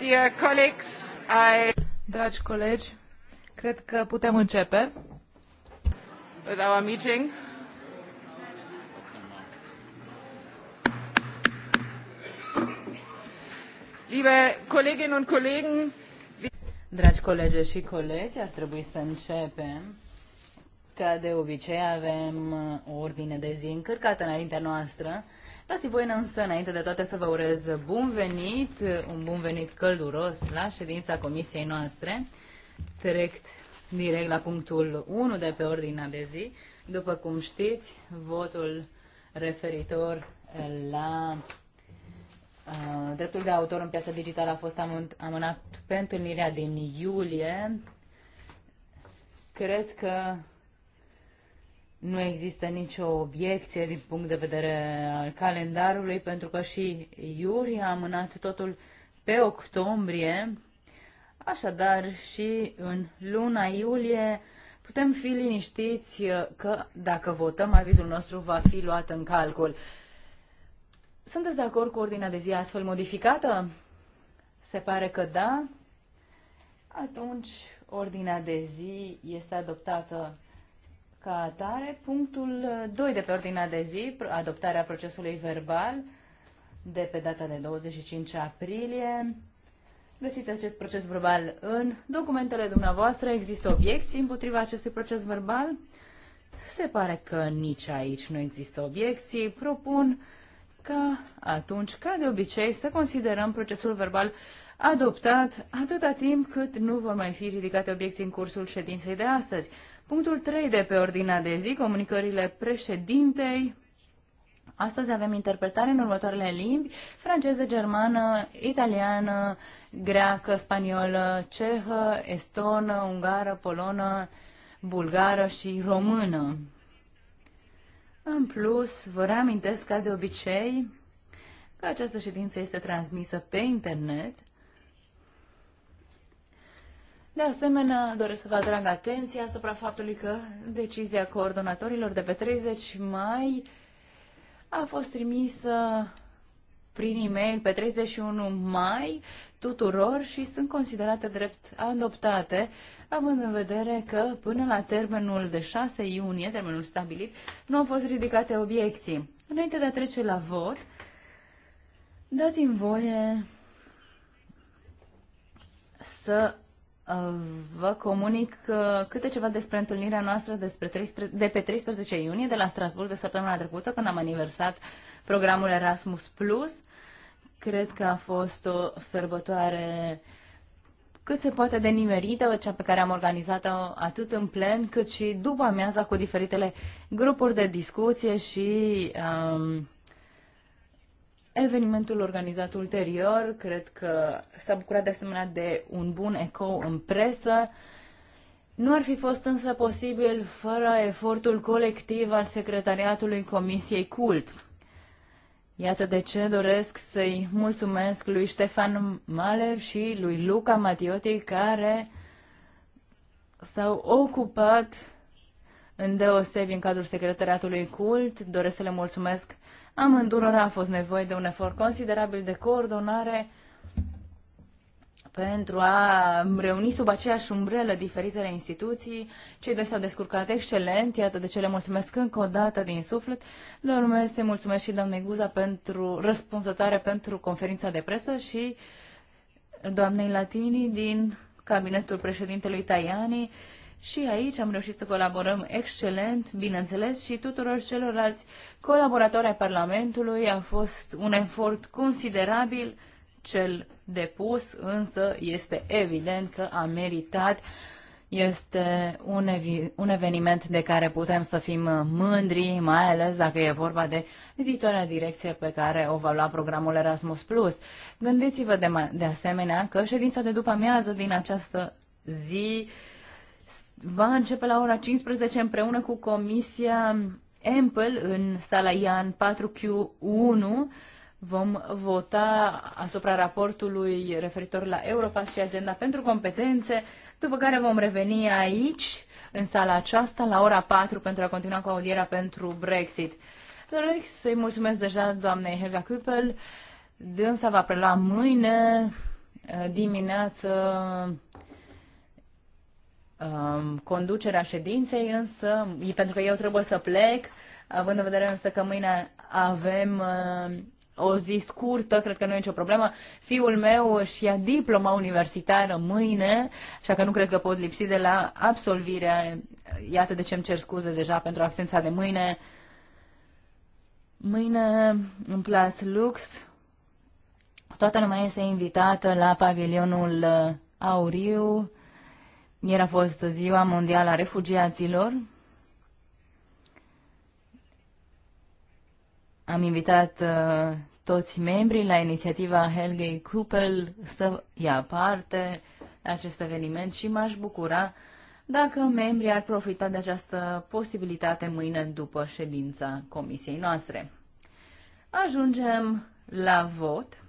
Dear colleagues, I... Dragi colegi, cred că putem începe with our meeting. Liebe Kolleginnen und Kollegen, Dragi colegi și colegi, ar trebui să începem. Ca de obicei avem o ordine de zi încărcată înaintea noastră dați voi, în însă, înainte de toate, să vă urez bun venit, un bun venit călduros la ședința comisiei noastre. Trec direct la punctul 1 de pe ordinea de zi. După cum știți, votul referitor la uh, dreptul de autor în piața digitală a fost amânat pe întâlnirea din iulie. Cred că nu există nicio obiecție din punct de vedere al calendarului, pentru că și Iuri a amânat totul pe octombrie, așadar și în luna iulie putem fi liniștiți că dacă votăm, avizul nostru va fi luat în calcul. Sunteți de acord cu ordinea de zi astfel modificată? Se pare că da. Atunci, ordinea de zi este adoptată ca atare, punctul 2 de pe ordinea de zi, adoptarea procesului verbal de pe data de 25 aprilie. Găsiți acest proces verbal în documentele dumneavoastră. Există obiecții împotriva acestui proces verbal? Se pare că nici aici nu există obiecții. Propun ca atunci, ca de obicei, să considerăm procesul verbal adoptat atâta timp cât nu vor mai fi ridicate obiecții în cursul ședinței de astăzi. Punctul 3 de pe ordinea de zi, comunicările președintei. Astăzi avem interpretare în următoarele limbi, franceză, germană, italiană, greacă, spaniolă, cehă, estonă, ungară, polonă, bulgară și română. În plus, vă reamintesc ca de obicei că această ședință este transmisă pe internet de asemenea, doresc să vă atrag atenția asupra faptului că decizia coordonatorilor de pe 30 mai a fost trimisă prin e-mail pe 31 mai tuturor și sunt considerate drept adoptate, având în vedere că până la termenul de 6 iunie, termenul stabilit, nu au fost ridicate obiecții. Înainte de a trece la vot, dați-mi voie să vă comunic uh, câte ceva despre întâlnirea noastră despre 13, de pe 13 iunie de la Strasburg de săptămâna trecută, când am aniversat programul Erasmus+. Plus. Cred că a fost o sărbătoare cât se poate de nimerită, cea pe care am organizat-o atât în plen, cât și după amiaza cu diferitele grupuri de discuție și um, evenimentul organizat ulterior. Cred că s-a bucurat de asemenea de un bun eco în presă. Nu ar fi fost însă posibil fără efortul colectiv al secretariatului Comisiei Cult. Iată de ce doresc să-i mulțumesc lui Ștefan Malev și lui Luca Matioti care s-au ocupat îndeosebi în cadrul secretariatului Cult. Doresc să le mulțumesc amândurora a fost nevoie de un efort considerabil de coordonare pentru a reuni sub aceeași umbrelă diferitele instituții. Cei doi s-au descurcat excelent, iată de ce le mulțumesc încă o dată din suflet. Le urmez să mulțumesc și doamnei Guza pentru răspunzătoare pentru conferința de presă și doamnei Latini din cabinetul președintelui Tajani și aici am reușit să colaborăm excelent, bineînțeles, și tuturor celorlalți colaboratori ai Parlamentului. A fost un efort considerabil cel depus, însă este evident că a meritat. Este un, evi- un eveniment de care putem să fim mândri, mai ales dacă e vorba de viitoarea direcție pe care o va lua programul Erasmus+. Gândiți-vă de, de asemenea că ședința de după amiază din această zi uh, va începe la ora 15 împreună cu Comisia Ample în sala IAN 4Q1. Vom vota asupra raportului referitor la Europass și agenda pentru competențe, după care vom reveni aici, în sala aceasta, la ora 4, pentru a continua cu audierea pentru Brexit. Doresc să-i mulțumesc deja doamnei Helga Kupel. Dânsa va prelua mâine eh, dimineață um, conducerea ședinței, însă, pentru că eu trebuie să plec, având în vedere însă că mâine avem uh, o zi scurtă, cred că nu e nicio problemă. Fiul meu își ia diploma universitară mâine, așa că nu cred că pot lipsi de la absolvire. Iată de ce îmi cer scuze deja pentru absența de mâine. Mâine în Plas Lux toată lumea este invitată la pavilionul uh, Auriu ieri a fost Ziua Mondială a Refugiaților. Am invitat uh, toți membrii la inițiativa Helge Kupel să ia parte la acest eveniment și m-aș bucura dacă membrii ar profita de această posibilitate mâine după ședința comisiei noastre. Ajungem la vot.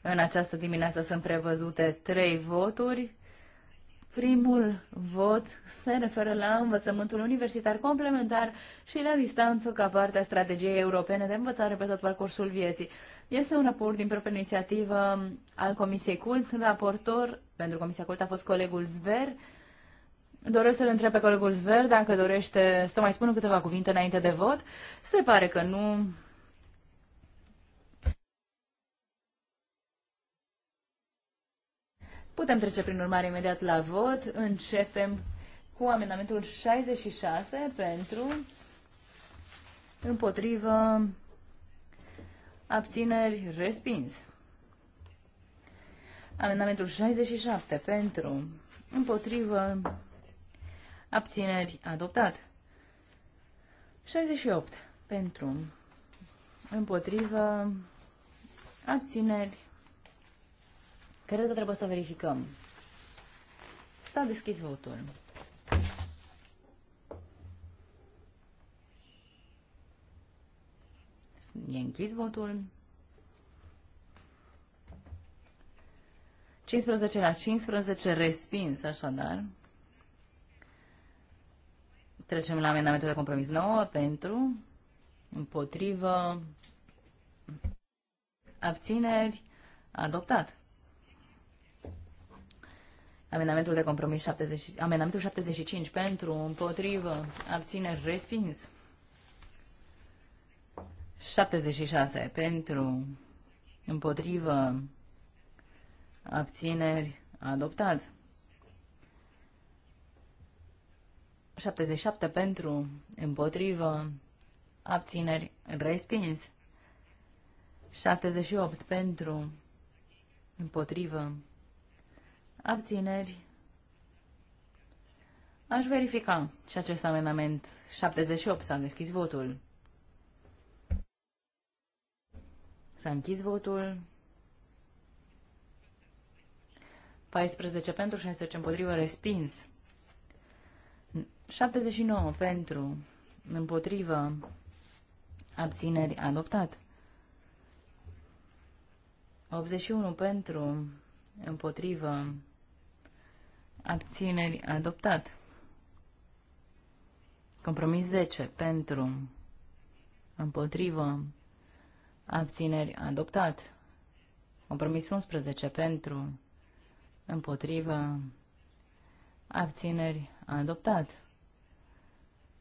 În această dimineață sunt prevăzute trei voturi. Primul vot se referă la învățământul universitar complementar și la distanță ca parte a strategiei europene de învățare pe tot parcursul vieții. Este un raport din propria inițiativă al Comisiei Cult. Raportor pentru Comisia Cult a fost colegul Zver. Doresc să-l întreb pe colegul Zver dacă dorește să mai spună câteva cuvinte înainte de vot. Se pare că nu. Putem trece prin urmare imediat la vot. Începem cu amendamentul 66 pentru, împotrivă, abțineri, respins. Amendamentul 67 pentru, împotrivă, abțineri, adoptat. 68 pentru, împotrivă, abțineri, Cred că trebuie să verificăm. S-a deschis votul. E închis votul. 15 la 15, respins așadar. Trecem la amendamentul de compromis 9 pentru, împotrivă, abțineri, adoptat. Amendamentul de compromis 70, amendamentul 75 pentru, împotrivă, abțineri, respins. 76 pentru, împotrivă, abțineri, adoptat. 77 pentru, împotrivă, abțineri, respins. 78 pentru, împotrivă, abțineri. Aș verifica și acest amendament 78 s-a deschis votul. S-a închis votul. 14 pentru, 16 împotrivă, respins. 79 pentru, împotrivă, abțineri, adoptat. 81 pentru, împotrivă, abțineri, adoptat. Compromis 10 pentru, împotrivă, abțineri, adoptat. Compromis 11 pentru, împotrivă, abțineri, adoptat.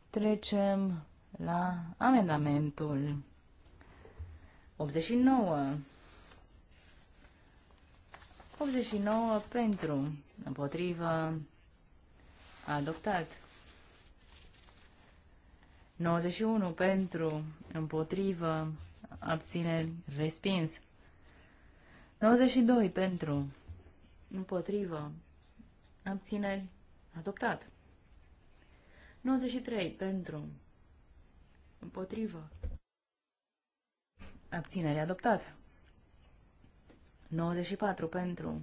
Trecem la amendamentul 89. 89 pentru, Împotrivă. Adoptat. 91 pentru, împotrivă, abțineri, respins. 92 pentru, împotrivă, abțineri, adoptat. 93 pentru, împotrivă, abținere, adoptat. 94 pentru,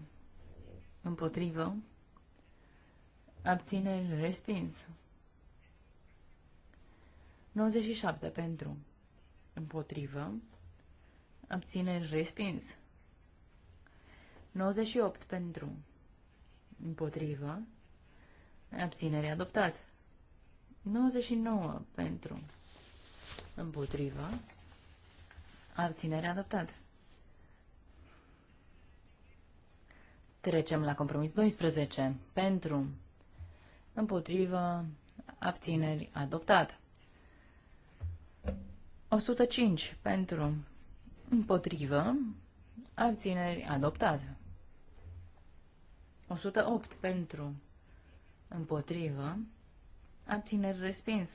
Împotrivă. Abțineri respins. 97 pentru. Împotrivă. Abțineri respins. 98 pentru. Împotrivă. Abținere adoptat. 99 pentru. Împotrivă. Abținere adoptat. Trecem la compromis 12. Pentru, împotrivă, abțineri, adoptat. 105. Pentru, împotrivă, abțineri, adoptat. 108. Pentru, împotrivă, abțineri, respins.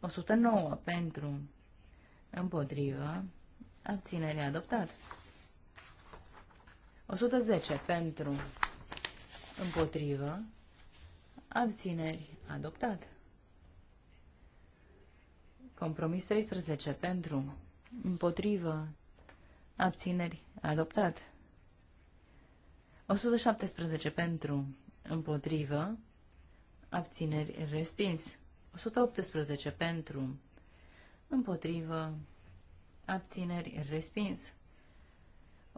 109. Pentru, împotrivă, abținere adoptat. 110 pentru, împotrivă, abțineri, adoptat. Compromis 13 pentru, împotrivă, abțineri, adoptat. 117 pentru, împotrivă, abțineri, respins. 118 pentru, împotrivă, abțineri, respins.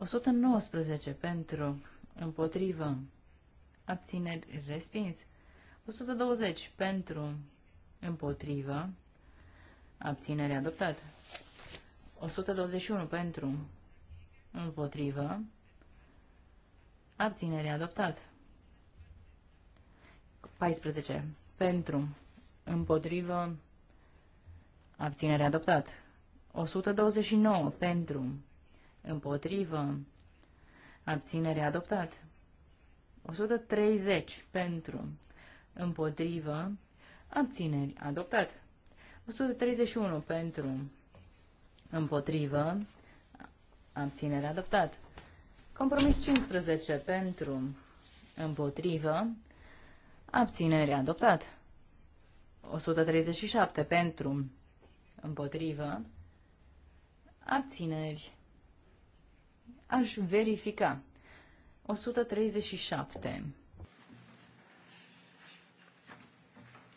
119 pentru, împotrivă, abțineri, respins. 120 pentru, împotrivă, abținere adoptat. 121 pentru, împotrivă, abținere adoptat. 14 pentru, împotrivă, abținere adoptat. 129 pentru, împotrivă, abținere adoptat. 130 pentru, împotrivă, abțineri adoptat. 131 pentru, împotrivă, abținere adoptat. Compromis 15 pentru, împotrivă, abținere adoptat. 137 pentru, împotrivă, abțineri Aș verifica. 137.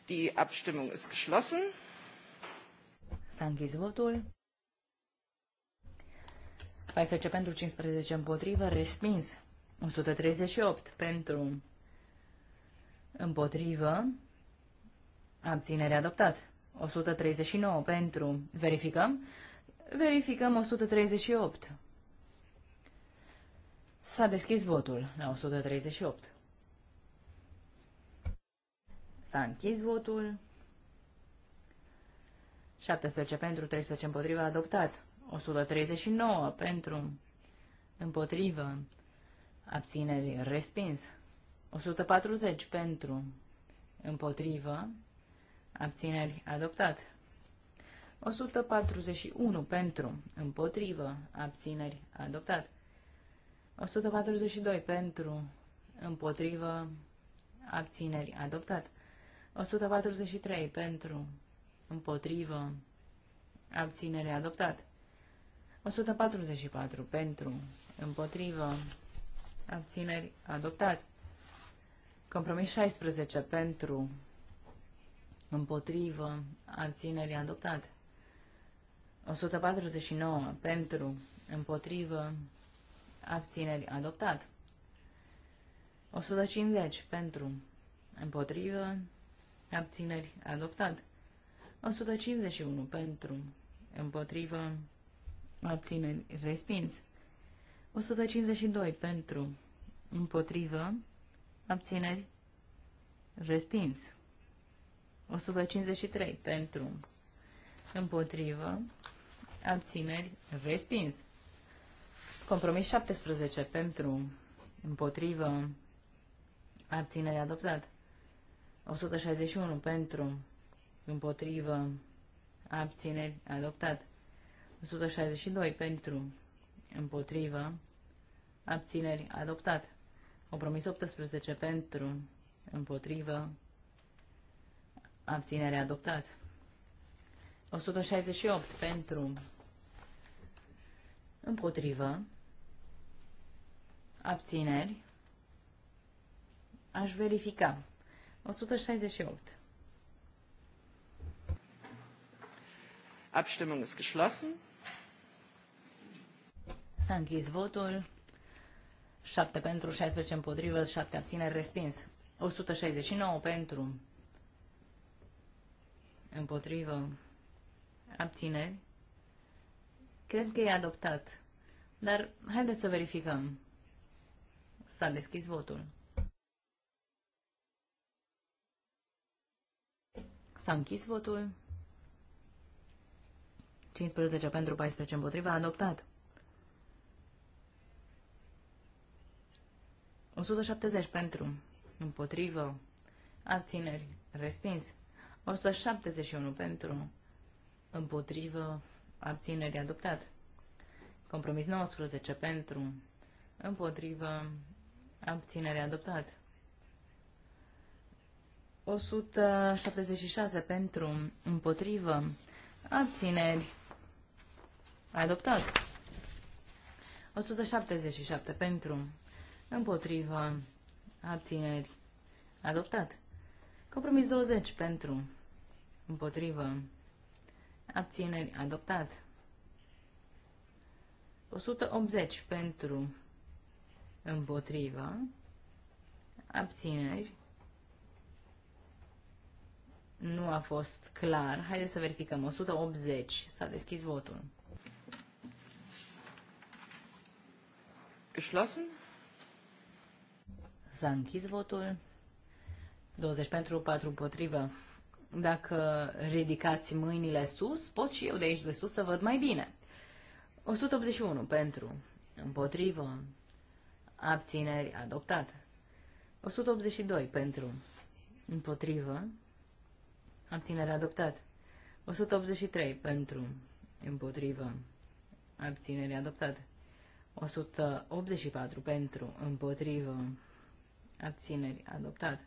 Die Abstimmung ist geschlossen. S-a închis votul. 14 pentru, 15 împotrivă, respins. 138 pentru, împotrivă, abținere adoptat. 139 pentru, verificăm. Verificăm 138. S-a deschis votul la 138. S-a închis votul. 17 pentru, 13 împotriva, adoptat. 139 pentru, împotrivă, abțineri, respins. 140 pentru, împotrivă, abțineri, adoptat. 141 pentru, împotrivă, abțineri, adoptat. 142 pentru, împotrivă, abțineri, adoptat. 143 pentru, împotrivă, abținere, adoptat. 144 pentru, împotrivă, abțineri, adoptat. Compromis 16 pentru, împotrivă, abțineri, adoptat. 149 pentru, împotrivă, abțineri adoptat. 150 pentru, împotrivă, abțineri adoptat. 151 pentru, împotrivă, abțineri respins. 152 pentru, împotrivă, abțineri respins. 153 pentru, împotrivă, abțineri respins. Compromis 17 pentru, împotrivă, abținere adoptat. 161 pentru, împotrivă, abțineri adoptat. 162 pentru, împotrivă, abțineri adoptat. Compromis 18 pentru, împotrivă, abținere adoptat. 168 pentru, împotrivă, abțineri, aș verifica. 168. Abstimmung ist geschlossen. S-a închis votul. 7 pentru, 16 împotrivă, 7 abțineri, respins. 169 pentru, împotrivă, abțineri. Cred că e adoptat. Dar haideți să verificăm. S-a deschis votul. S-a închis votul. 15 pentru 14 împotriva a adoptat. 170 pentru împotrivă abțineri respins. 171 pentru împotrivă abțineri adoptat. Compromis 19 pentru împotrivă Abținere adoptat. 176 pentru, împotrivă, abțineri, adoptat. 177 pentru, împotrivă, abțineri, adoptat. Compromis 20 pentru, împotrivă, abțineri, adoptat. 180 pentru, împotrivă, abțineri, nu a fost clar. Haideți să verificăm. 180. S-a deschis votul. Geschlossen? S-a închis votul. 20 pentru, 4 împotrivă. Dacă ridicați mâinile sus, pot și eu de aici de sus să văd mai bine. 181 pentru, împotrivă, abțineri, adoptată, 182 pentru, împotrivă, abținere, adoptată, 183 pentru, împotrivă, abținere, adoptată, 184 pentru, împotrivă, abțineri, adoptată,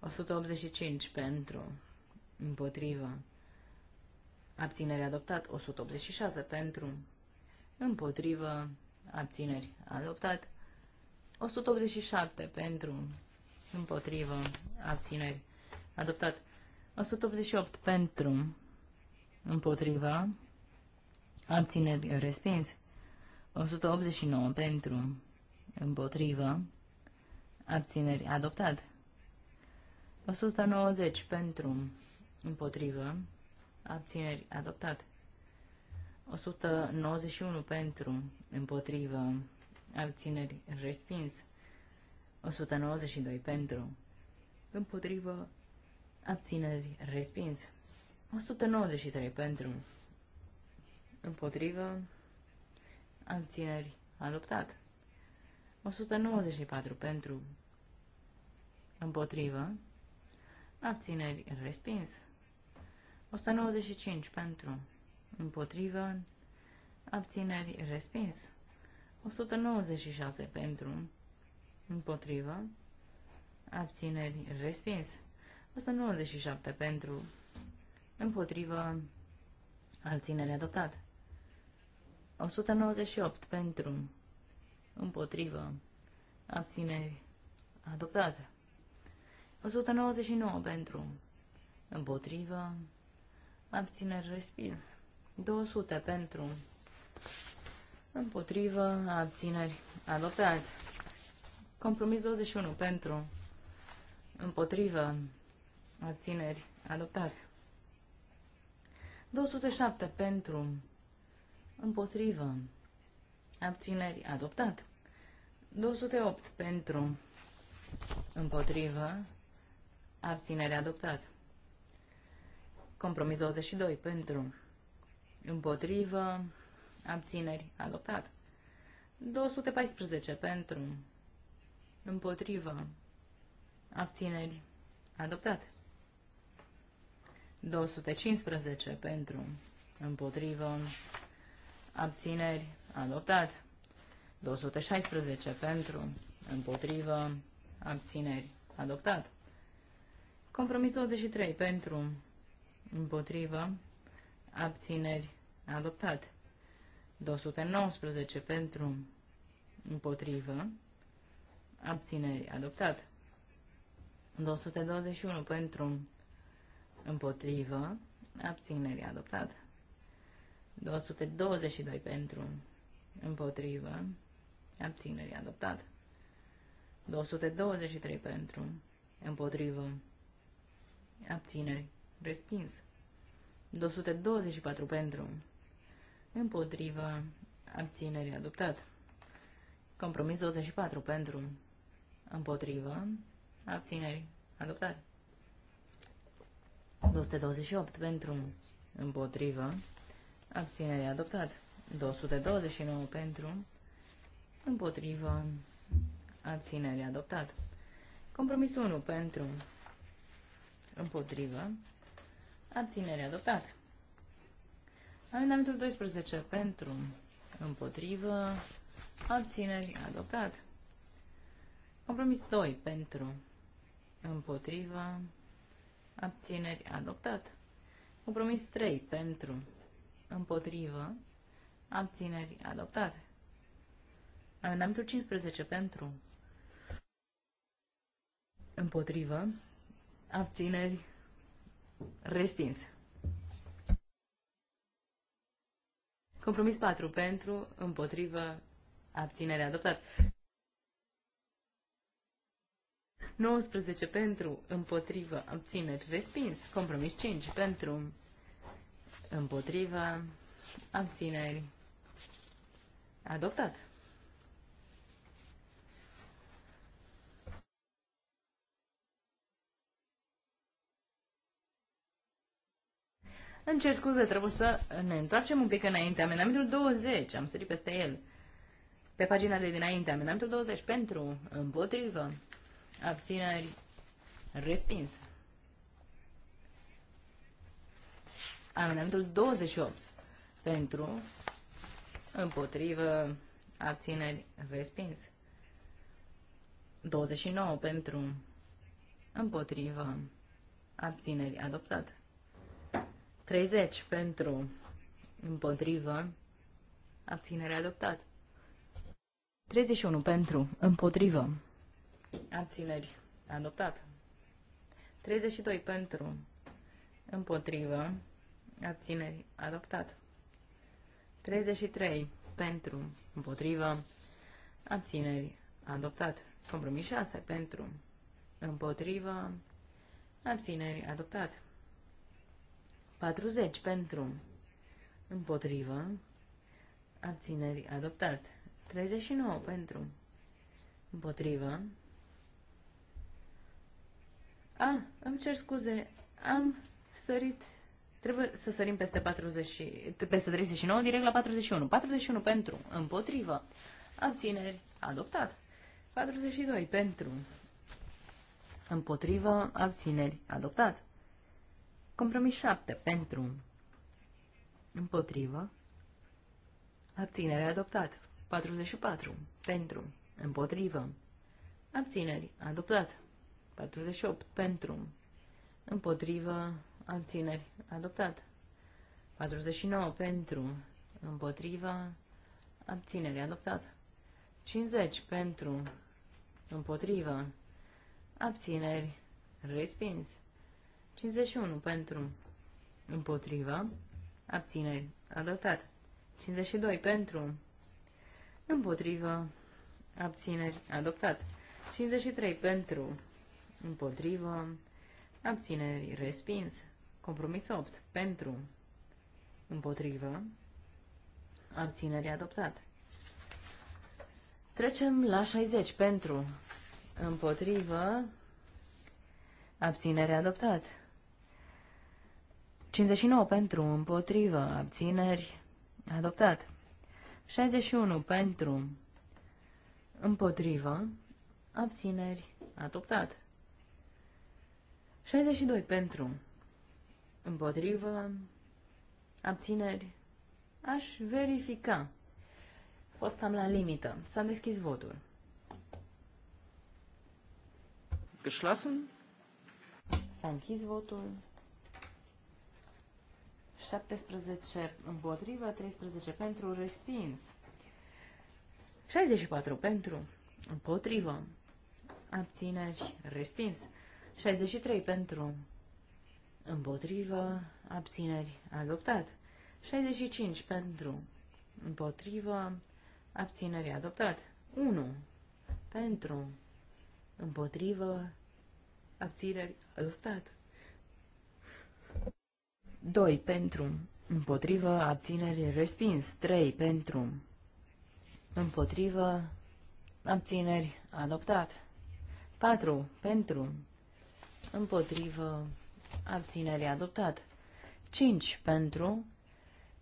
185 pentru, împotrivă, abțineri, adoptat. 186 pentru, împotrivă, abțineri, adoptat. 187 pentru, împotrivă, abțineri, adoptat. 188 pentru, împotriva, abțineri, respins. 189 pentru, împotrivă, abțineri, adoptat. 190 pentru, împotrivă, abțineri, adoptat. 191 pentru, împotrivă, abțineri respins. 192 pentru, împotrivă, abțineri respins. 193 pentru, împotrivă, abțineri adoptat. 194 pentru, împotrivă, abțineri respins. 195 pentru, împotrivă, abțineri respins. 196 pentru, împotrivă, abțineri, respins. 197 pentru, împotrivă, abținere adoptat. 198 pentru, împotrivă, abțineri, adoptat. 199 pentru, împotrivă, abțineri, respins. 200 pentru, Împotrivă, abțineri, adoptat. Compromis 21 pentru. Împotrivă, abțineri, adoptat. 207 pentru. Împotrivă, abțineri, adoptat. 208 pentru. Împotrivă, abțineri adoptat. Compromis 22 pentru. Împotrivă, abțineri, adoptat. 214 pentru, împotrivă, abțineri, adoptat. 215 pentru, împotrivă, abțineri, adoptat. 216 pentru, împotrivă, abțineri, adoptat. Compromis 23 pentru, împotrivă, abțineri, adoptat. 219 pentru, împotrivă, abțineri, adoptat. 221 pentru, împotrivă, abțineri, adoptat. 222 pentru, împotrivă, abțineri, adoptat. 223 pentru, împotrivă, abțineri, respins. 224 pentru, împotriva abținerii adoptat. Compromis 24 pentru împotriva abținerii adoptat. 228 pentru împotriva abținerii adoptat. 229 pentru împotriva abținerii adoptat. Compromis 1 pentru împotriva abținerii adoptat. Amendamentul 12 pentru, împotrivă, abțineri, adoptat. Compromis 2 pentru, împotrivă, abțineri, adoptat. Compromis 3 pentru, împotrivă, abțineri, adoptat. Amendamentul 15 pentru, împotrivă, abțineri, respins. Compromis 4 pentru, împotrivă, abținere adoptat. 19 pentru, împotrivă, abțineri, respins. Compromis 5 pentru, împotrivă, abțineri, adoptat. Îmi cer scuze, trebuie să ne întoarcem un pic înainte. Amendamentul 20, am sărit peste el. Pe pagina de dinainte, amendamentul 20 pentru, împotrivă, abțineri, respins. Amendamentul 28 pentru, împotrivă, abțineri, respins. 29 pentru, împotrivă, abțineri, adoptat. 30 pentru, împotrivă, abținere adoptat. 31 pentru, împotrivă, abțineri adoptat. 32 pentru, împotrivă, abțineri adoptat. 33 pentru, împotrivă, abțineri adoptat. Compromis 6 pentru, împotrivă, abțineri adoptat. 40 pentru, împotrivă, abțineri adoptat. 39 pentru, împotrivă. A, îmi cer scuze, am sărit, trebuie să sărim peste, 40, peste 39 direct la 41. 41 pentru, împotrivă, abțineri adoptat. 42 pentru, împotrivă, abțineri adoptat. Compromis 7 pentru împotrivă. Abținere adoptat. 44 pentru împotrivă. Abțineri adoptat. 48 pentru împotrivă. Abțineri adoptat. 49 pentru împotrivă. Abținere adoptat. 50 pentru împotrivă. Abțineri respins. 51 pentru împotrivă, abțineri, adoptat. 52 pentru împotrivă, abțineri, adoptat. 53 pentru împotrivă, abțineri, respins. Compromis 8 pentru împotrivă, abțineri, adoptat. Trecem la 60 pentru împotrivă, abținere adoptat. 59 pentru, împotrivă, abțineri, adoptat. 61 pentru, împotrivă, abțineri, adoptat. 62 pentru, împotrivă, abțineri, aș verifica. A fost cam la limită. S-a deschis votul. Geschlossen. S-a închis votul. 17 împotrivă, 13 pentru, respins. 64 pentru, împotrivă, abțineri, respins. 63 pentru, împotrivă, abțineri, adoptat. 65 pentru, împotrivă, abțineri, adoptat. 1 pentru, împotrivă, abțineri, adoptat. 2 pentru, împotrivă, abțineri, respins. 3 pentru, împotrivă, abțineri, adoptat. 4 pentru, împotrivă, abțineri, adoptat. 5 pentru,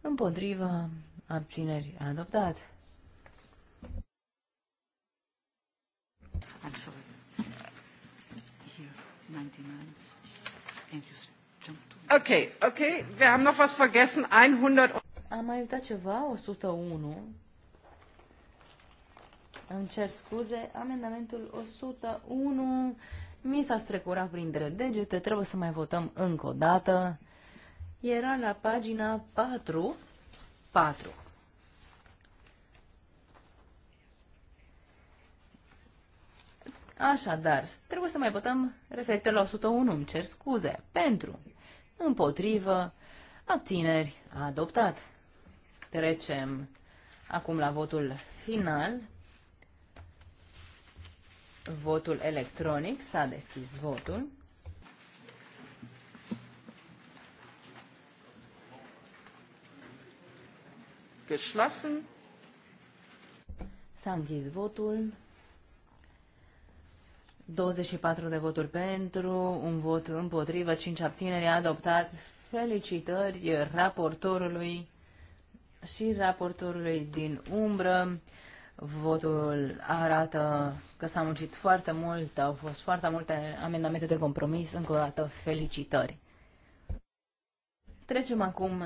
împotrivă, abțineri, adoptat. I'm Here, 99. And you Okay, okay, wir haben noch was vergessen. 100. Am mai uitat ceva, 101. Îmi cer scuze, amendamentul 101 mi s-a strecurat printre degete, trebuie să mai votăm încă o dată. Era la pagina 4, 4. Așadar, trebuie să mai votăm referitor la 101, îmi cer scuze, pentru, împotrivă, abțineri, adoptat. Trecem acum la votul final. Votul electronic, s-a deschis votul. geschlossen. S-a închis votul. 24 de voturi pentru, un vot împotrivă, 5 abțineri, a adoptat. Felicitări raportorului și raportorului din umbră. Votul arată că s-a muncit foarte mult, au fost foarte multe amendamente de compromis. Încă o dată, felicitări! Trecem acum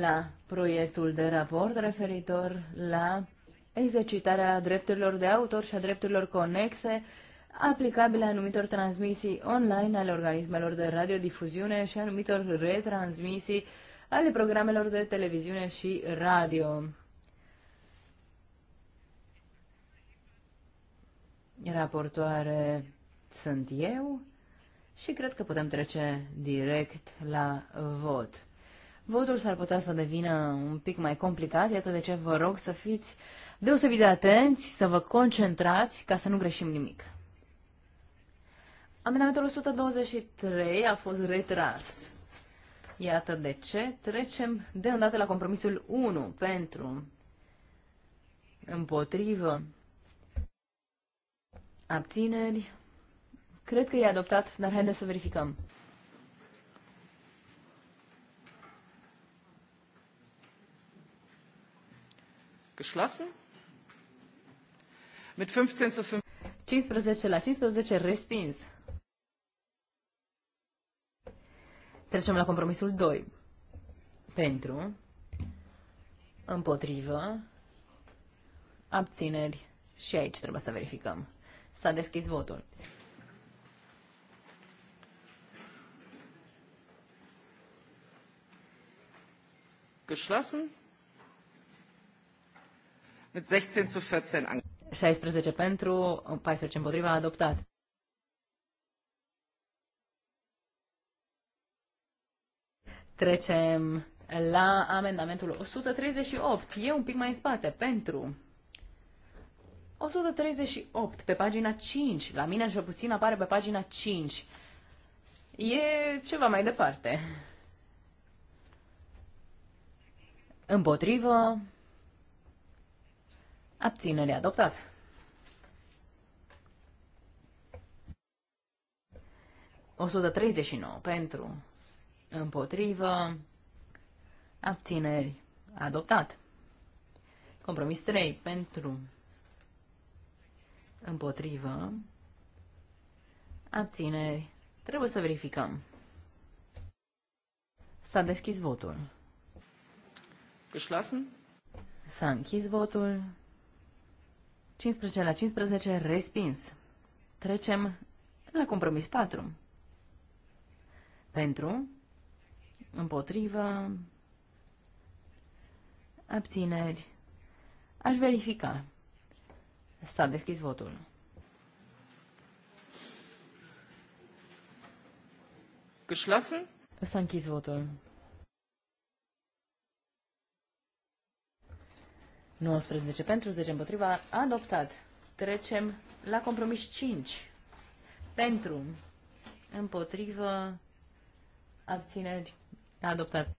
la proiectul de raport referitor la exercitarea drepturilor de autor și a drepturilor conexe aplicabile anumitor transmisii online ale organismelor de radiodifuziune și anumitor retransmisii ale programelor de televiziune și radio. Raportoare sunt eu și cred că putem trece direct la vot. Votul s-ar putea să devină un pic mai complicat, iată de ce vă rog să fiți deosebit de atenți, să vă concentrați ca să nu greșim nimic. Amendamentul 123 a fost retras. Iată de ce. Trecem de îndată la compromisul 1 pentru împotrivă abțineri. Cred că e adoptat, dar haideți să verificăm. Geschlossen. Mit 15 zu 15. 15 la 15 respins. Trecem la compromisul 2. Pentru, împotrivă, abțineri și aici trebuie să verificăm. S-a deschis votul. Geschlossen. Mit 16 zu 14 an. 16 pentru, 14 împotriva, adoptat. Trecem la amendamentul 138. E un pic mai în spate. Pentru 138, pe pagina 5. La mine cel puțin apare pe pagina 5. E ceva mai departe. Împotrivă. Abținere adoptat. O 139 pentru Împotrivă. Abțineri. Adoptat. Compromis 3. Pentru. Împotrivă. Abțineri. Trebuie să verificăm. S-a deschis votul. Geschlossen. S-a închis votul. 15 la 15, respins. Trecem la compromis 4. Pentru, împotrivă, abțineri. Aș verifica. S-a deschis votul. Geschlossen? S-a închis votul. 19 pentru, 10 împotriva, adoptat. Trecem la compromis 5. Pentru, împotrivă, abțineri, adoptat.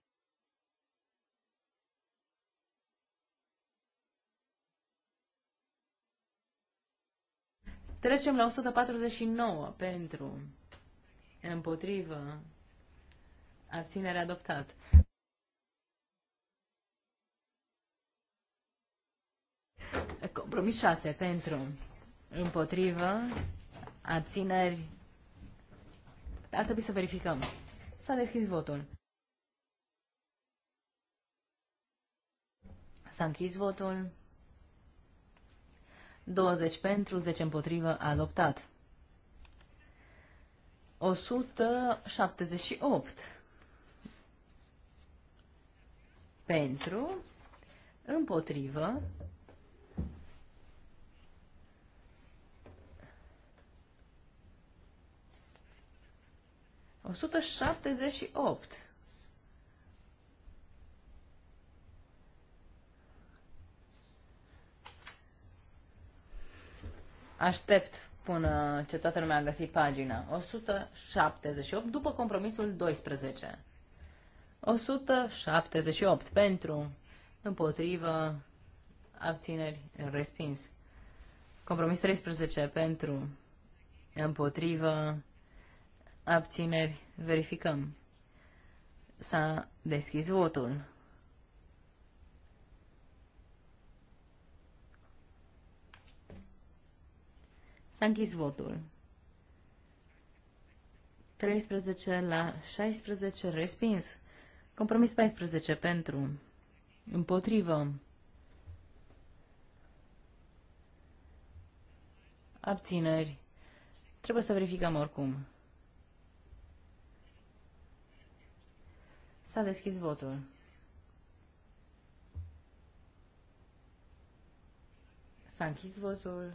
Trecem la 149 pentru împotrivă abținere adoptat. Compromis 6 pentru împotrivă abțineri. Ar trebui să verificăm. S-a deschis votul. S-a închis votul. 20 pentru, 10 împotrivă, adoptat. 178 pentru, împotrivă, O 178. Aștept până ce toată lumea a găsit pagina. 178 după compromisul 12. 178 pentru, împotrivă, abțineri, respins. Compromis 13 pentru, împotrivă, abțineri, verificăm. S-a deschis votul. S-a închis votul. 13 la 16, respins. Compromis 14 pentru. Împotrivă. Abțineri. Trebuie să verificăm oricum. S-a deschis votul. S-a închis votul.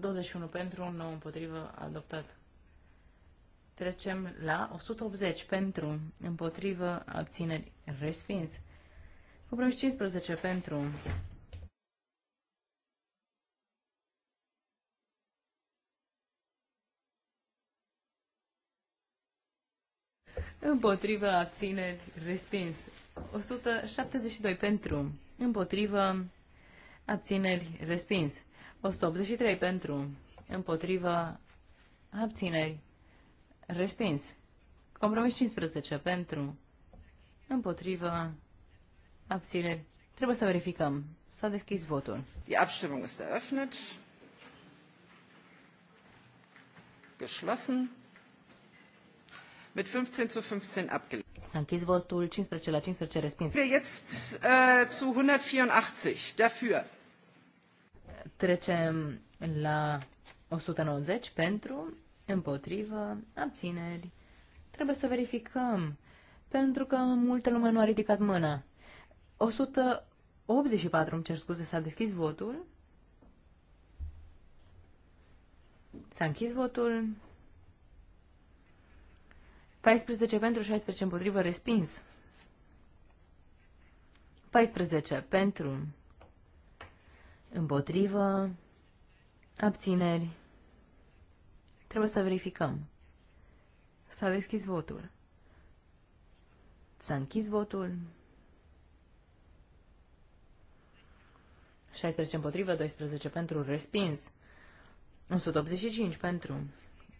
21 pentru, 9 împotrivă, adoptat. Trecem la 180 pentru, împotrivă, abțineri, respins. Compromis 15 pentru, Împotrivă, abțineri, respins. 172 pentru. Împotrivă, abțineri, respins. 183 pentru, împotrivă, abțineri, respins. Compromis 15 pentru, împotrivă, abțineri. Trebuie să verificăm. S-a deschis votul. Die Abstimmung ist eröffnet. Geschlossen. Mit 15 zu 15 abgelehnt. S-a închis votul 15 la 15 respins. Wir jetzt äh, zu 184 dafür Trecem la 190 pentru, împotrivă, abțineri. Trebuie să verificăm, pentru că multă lume nu a ridicat mâna. 184, îmi cer scuze, s-a deschis votul. S-a închis votul. 14 pentru, 16 împotrivă, respins. 14 pentru, împotrivă, abțineri. Trebuie să verificăm. S-a deschis votul. S-a închis votul. 16 împotrivă, 12 pentru, respins. 185 pentru,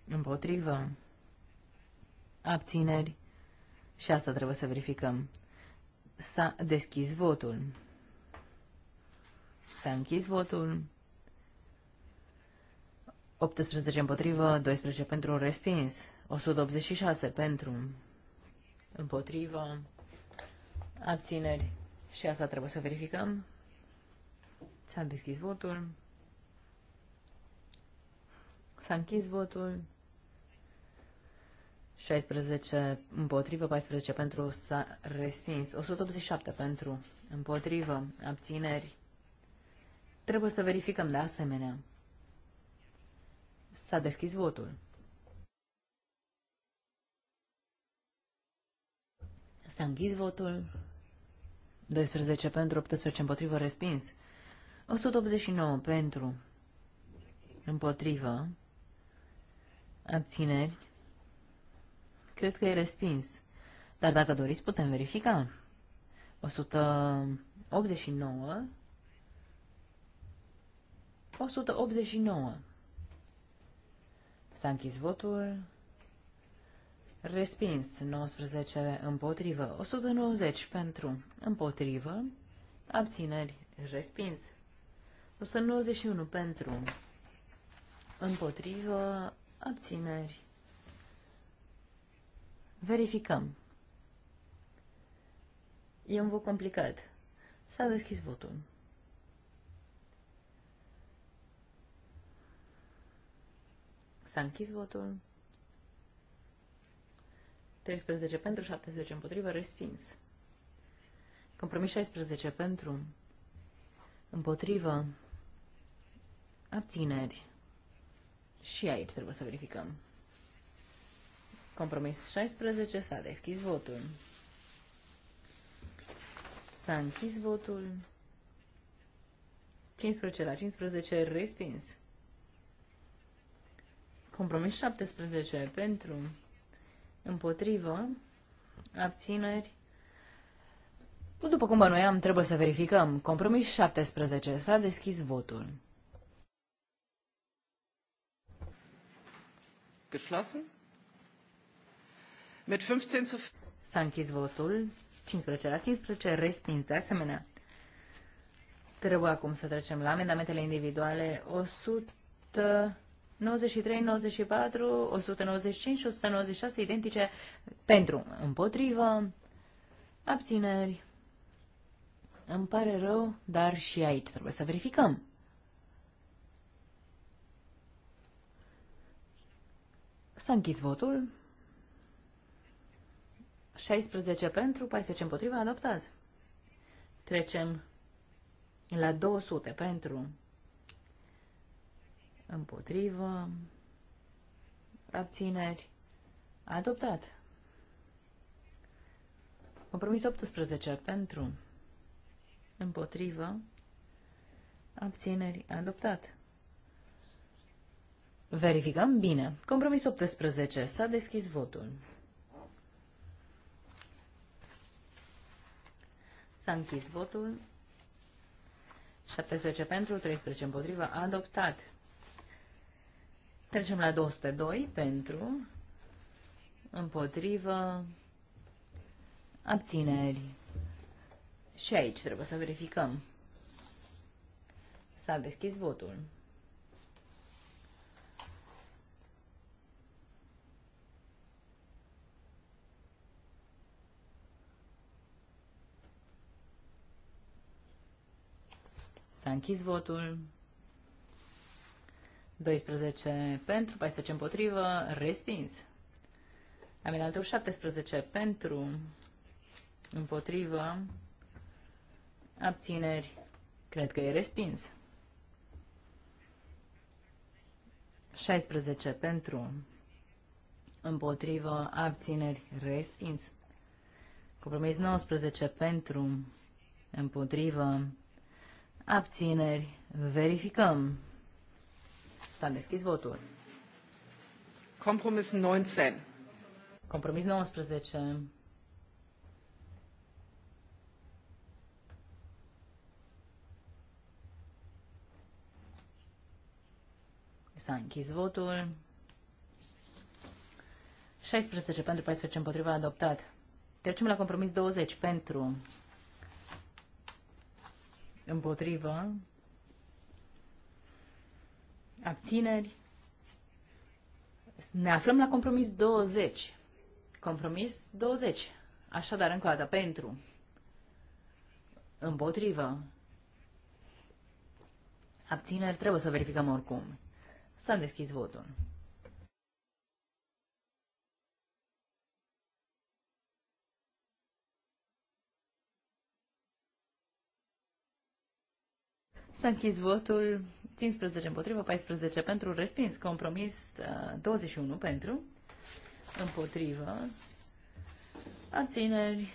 împotrivă, abțineri. Și asta trebuie să verificăm. S-a deschis votul. S-a închis votul. 18 împotrivă, 12 pentru respins, 186 pentru împotrivă, abțineri și asta trebuie să verificăm. S-a deschis votul. S-a închis votul. 16 împotrivă, 14 pentru s-a respins, 187 pentru împotrivă, abțineri Trebuie să verificăm de asemenea. S-a deschis votul. S-a închis votul. 12 pentru, 18 împotrivă, respins. 189 pentru, împotrivă, abțineri. Cred că e respins. Dar dacă doriți, putem verifica. 189 189. S-a închis votul. Respins 19 împotrivă, 190 pentru împotrivă, abțineri respins. 191 pentru împotrivă, abțineri. Verificăm. E un vot complicat. S-a deschis votul. S-a închis votul. 13 pentru, 70 împotrivă, respins. Compromis 16 pentru, împotrivă, abțineri. Și aici trebuie să verificăm. Compromis 16 s-a deschis votul. S-a închis votul. 15 la 15, respins. Compromis 17 pentru, împotrivă, abțineri. După cum bănuiam, trebuie să verificăm. Compromis 17. S-a deschis votul. Geschlossen? Mit 15 zu... S-a închis votul. 15 la 15, respins de asemenea. Trebuie acum să trecem la amendamentele individuale. 100... 93, 94, 195 și 196 identice pentru, împotrivă, abțineri. Îmi pare rău, dar și aici trebuie să verificăm. S-a închis votul. 16 pentru, 14 împotriva, adoptat. Trecem la 200 pentru împotrivă, abțineri, adoptat. Compromis 18 pentru, împotrivă, abțineri, adoptat. Verificăm bine. Compromis 18. S-a deschis votul. S-a închis votul. 17 pentru, 13 împotrivă, adoptat. Trecem la 202 pentru, împotrivă, abțineri. Și aici trebuie să verificăm. S-a deschis votul. S-a închis votul. 12 pentru, 14 împotrivă, respins. Amendamentul 17 pentru, împotrivă, abțineri, cred că e respins. 16 pentru, împotrivă, abțineri, respins. Compromis 19 pentru, împotrivă, abțineri, verificăm. S-a deschis votul. Compromis 19. Compromis 19. S-a închis votul. 16 pentru 14 împotriva adoptat. Trecem la compromis 20 pentru Împotriva abțineri. Ne aflăm la compromis 20. Compromis 20. Așadar, încă o dată, pentru, împotrivă, abțineri, trebuie să verificăm oricum. S-a deschis votul. S-a închis votul. 15 împotrivă, 14 pentru, respins. Compromis 21 uh, pentru, împotrivă, abțineri.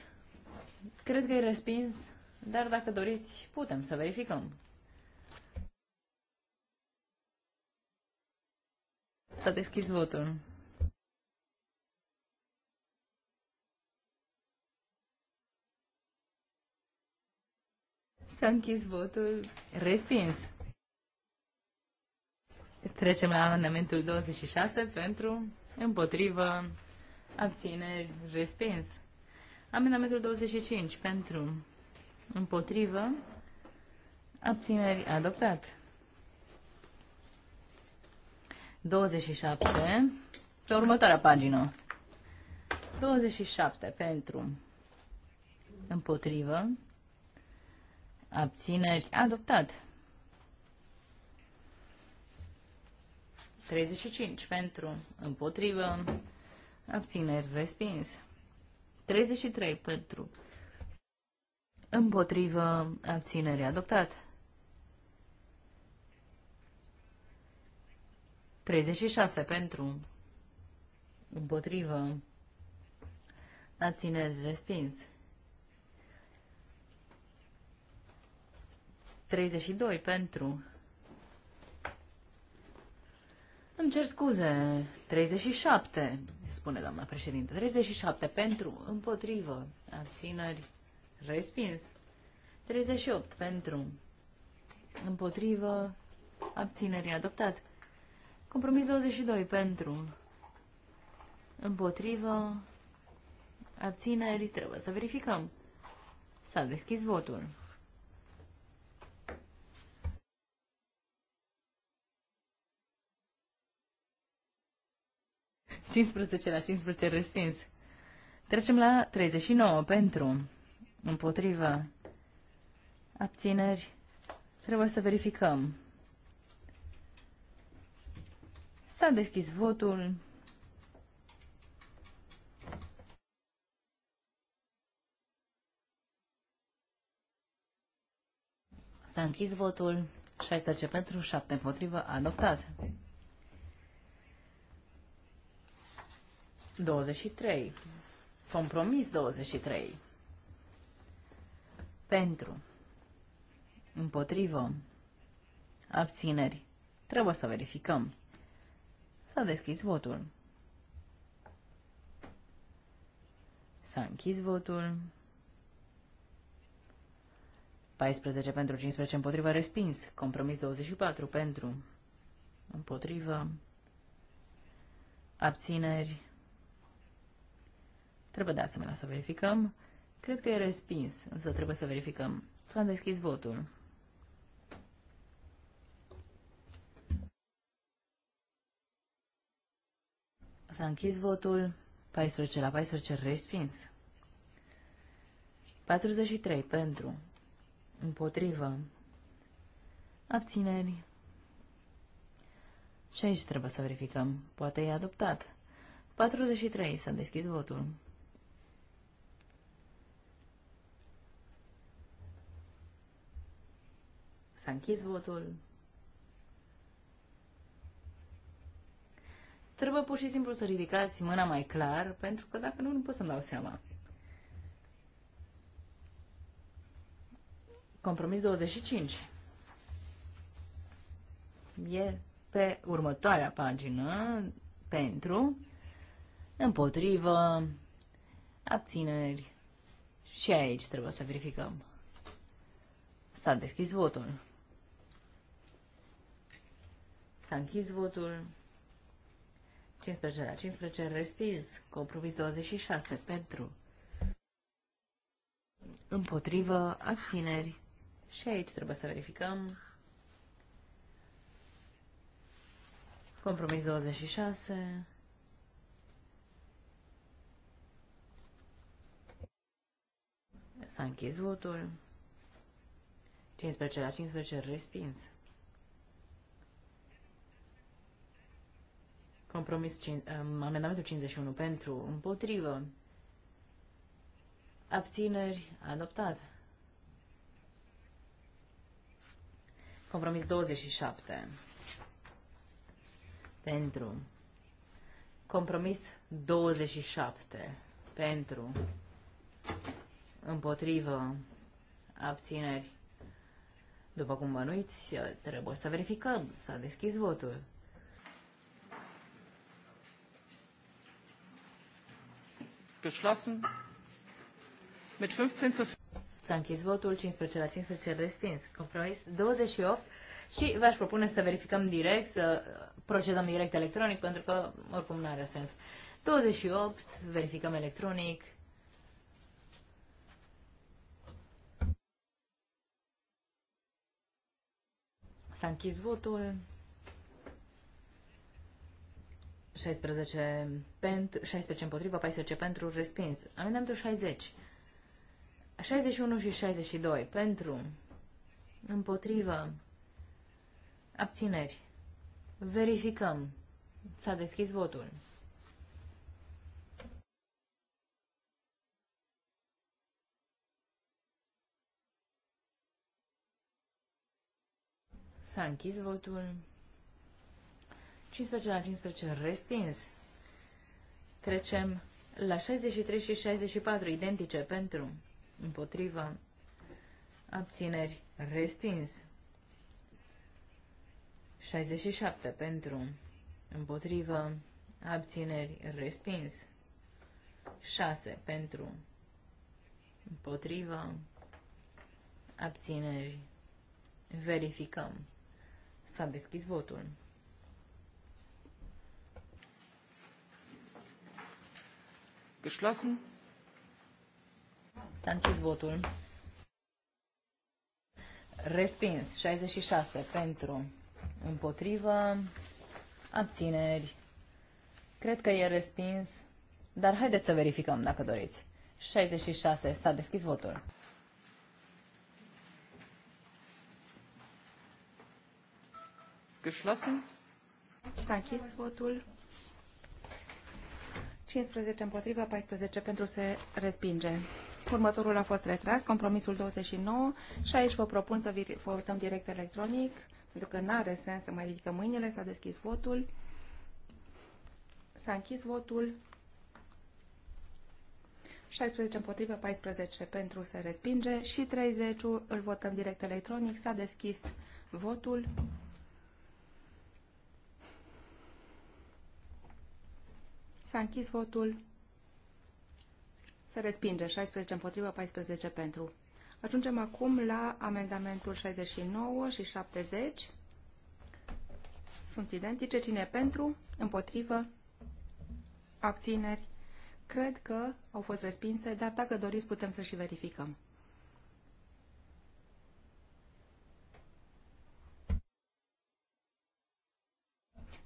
Cred că e respins, dar dacă doriți, putem să verificăm. S-a deschis votul. S-a închis votul. Respins. Trecem la amendamentul 26 pentru, împotrivă, abțineri, respins. Amendamentul 25 pentru, împotrivă, abțineri, adoptat. 27, pe următoarea pagină. 27 pentru, împotrivă, abțineri, adoptat. 35 pentru, împotrivă, abțineri, respins. 33 pentru, împotrivă, abțineri, adoptat. 36 pentru, împotrivă, abțineri, respins. 32 pentru, îmi cer scuze, 37, spune doamna președinte. 37 pentru, împotrivă, abțineri, respins. 38 pentru, împotrivă, abțineri, adoptat. Compromis 22 pentru, împotrivă, abțineri, trebuie să verificăm. S-a deschis votul. 15 la 15 respins. Trecem la 39 pentru împotrivă abțineri. Trebuie să verificăm. S-a deschis votul. S-a închis votul. 16 pentru, 7 împotrivă, adoptat. 23. Compromis 23. Pentru. Împotrivă. Abțineri. Trebuie să verificăm. S-a deschis votul. S-a închis votul. 14 pentru 15 împotrivă respins. Compromis 24 pentru împotrivă. Abțineri. Trebuie de asemenea să verificăm. Cred că e respins, însă trebuie să verificăm. S-a deschis votul. S-a închis votul. 14 la 14 respins. 43 pentru. Împotrivă. Abțineri. Și aici trebuie să verificăm. Poate e adoptat. 43. S-a deschis votul. S-a închis votul. Trebuie pur și simplu să ridicați mâna mai clar, pentru că dacă nu, nu pot să-mi dau seama. Compromis 25. E pe următoarea pagină, pentru, împotrivă, abțineri. Și aici trebuie să verificăm. S-a deschis votul. S-a închis votul. 15 la 15 respins. Compromis 26 pentru. Împotrivă abțineri. Și aici trebuie să verificăm. Compromis 26. S-a închis votul. 15 la 15 respins. Compromis um, amendamentul 51 pentru, împotrivă, abțineri, adoptat. Compromis 27 pentru, compromis 27 pentru, împotrivă, abțineri. După cum bănuiți, trebuie să verificăm. S-a deschis votul. geschlossen. Mit 15 zu S-a închis votul 15 la 15 respins. Compromis 28 și v-aș propune să verificăm direct, să procedăm direct electronic pentru că oricum nu are sens. 28, verificăm electronic. S-a închis votul. 16, pentru, 16 împotriva, 14 pentru, respins. Amendamentul 60. 61 și 62 pentru, împotrivă, abțineri. Verificăm. S-a deschis votul. S-a închis votul. 15 la 15 respins. Trecem la 63 și 64 identice pentru împotrivă abțineri respins. 67 pentru împotrivă abțineri respins. 6 pentru împotrivă abțineri verificăm. S-a deschis votul. geschlossen. S-a închis votul. Respins 66 pentru, împotrivă, abțineri. Cred că e respins, dar haideți să verificăm dacă doriți. 66 s-a deschis votul. Geschlossen. S-a închis votul. 15 împotriva, 14 pentru se respinge. Următorul a fost retras, compromisul 29 și aici vă propun să votăm direct electronic, pentru că n-are sens să mai ridicăm mâinile, s-a deschis votul, s-a închis votul, 16 împotriva, 14 pentru se respinge și 30 îl votăm direct electronic, s-a deschis votul. S-a închis votul. Se respinge 16 împotriva, 14 pentru. Ajungem acum la amendamentul 69 și 70. Sunt identice. Cine e pentru? Împotrivă? Abțineri? Cred că au fost respinse, dar dacă doriți putem să și verificăm.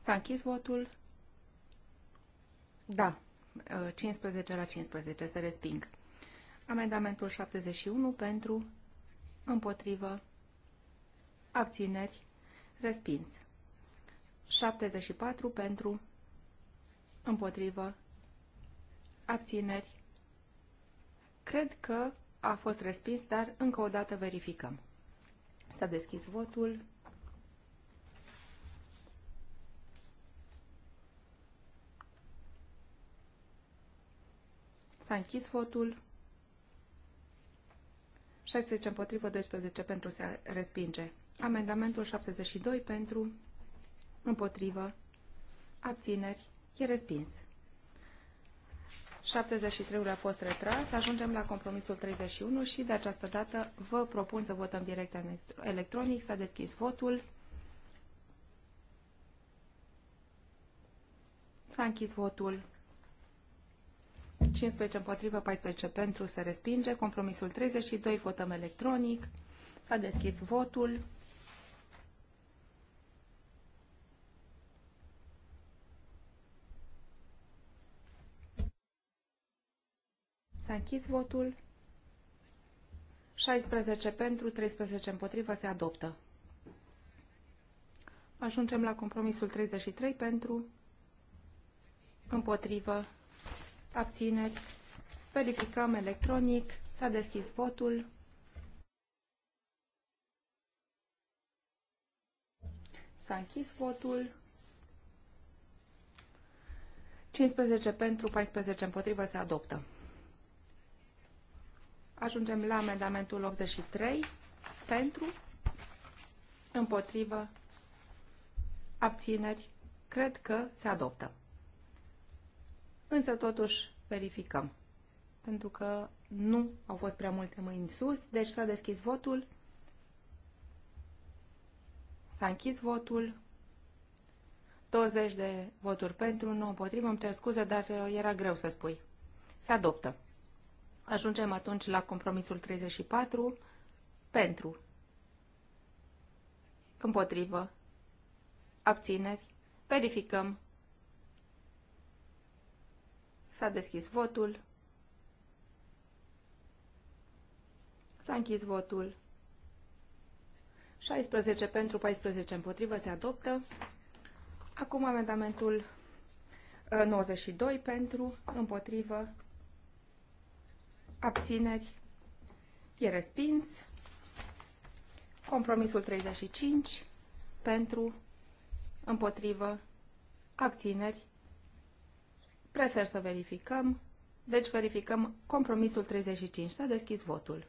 S-a închis votul. Da, 15 uh, la 15 se resping. Amendamentul 71 pentru, împotrivă, abțineri, respins. 74 pentru, împotrivă, abțineri. Cred că a fost respins, dar încă o dată verificăm. S-a deschis votul. S-a închis votul. 16 împotrivă, 12 pentru se respinge. Amendamentul 72 pentru, împotrivă, abțineri, e respins. 73-ul a fost retras, ajungem la compromisul 31 și de această dată vă propun să votăm direct electronic, s-a deschis votul. S-a închis votul. 15 împotrivă, 14 pentru, se respinge. Compromisul 32, votăm electronic. S-a deschis votul. S-a închis votul. 16 pentru, 13 împotrivă, se adoptă. Ajungem la compromisul 33 pentru, împotrivă, Abțineți, verificăm electronic, s-a deschis votul. S-a închis votul. 15 pentru, 14 împotrivă, se adoptă. Ajungem la amendamentul 83. Pentru, împotrivă, abțineri, cred că se adoptă însă totuși verificăm, pentru că nu au fost prea multe mâini sus, deci s-a deschis votul, s-a închis votul, 20 de voturi pentru, nu împotrivă, îmi cer scuze, dar uh, era greu să spui. Se adoptă. Ajungem atunci la compromisul 34, pentru, împotrivă, abțineri, verificăm, S-a deschis votul. S-a închis votul. 16 pentru, 14 împotrivă, se adoptă. Acum amendamentul 92 ă, pentru, împotrivă, abțineri, e respins. Compromisul 35 pentru, împotrivă, abțineri, Prefer să verificăm. Deci verificăm compromisul 35. S-a deschis votul.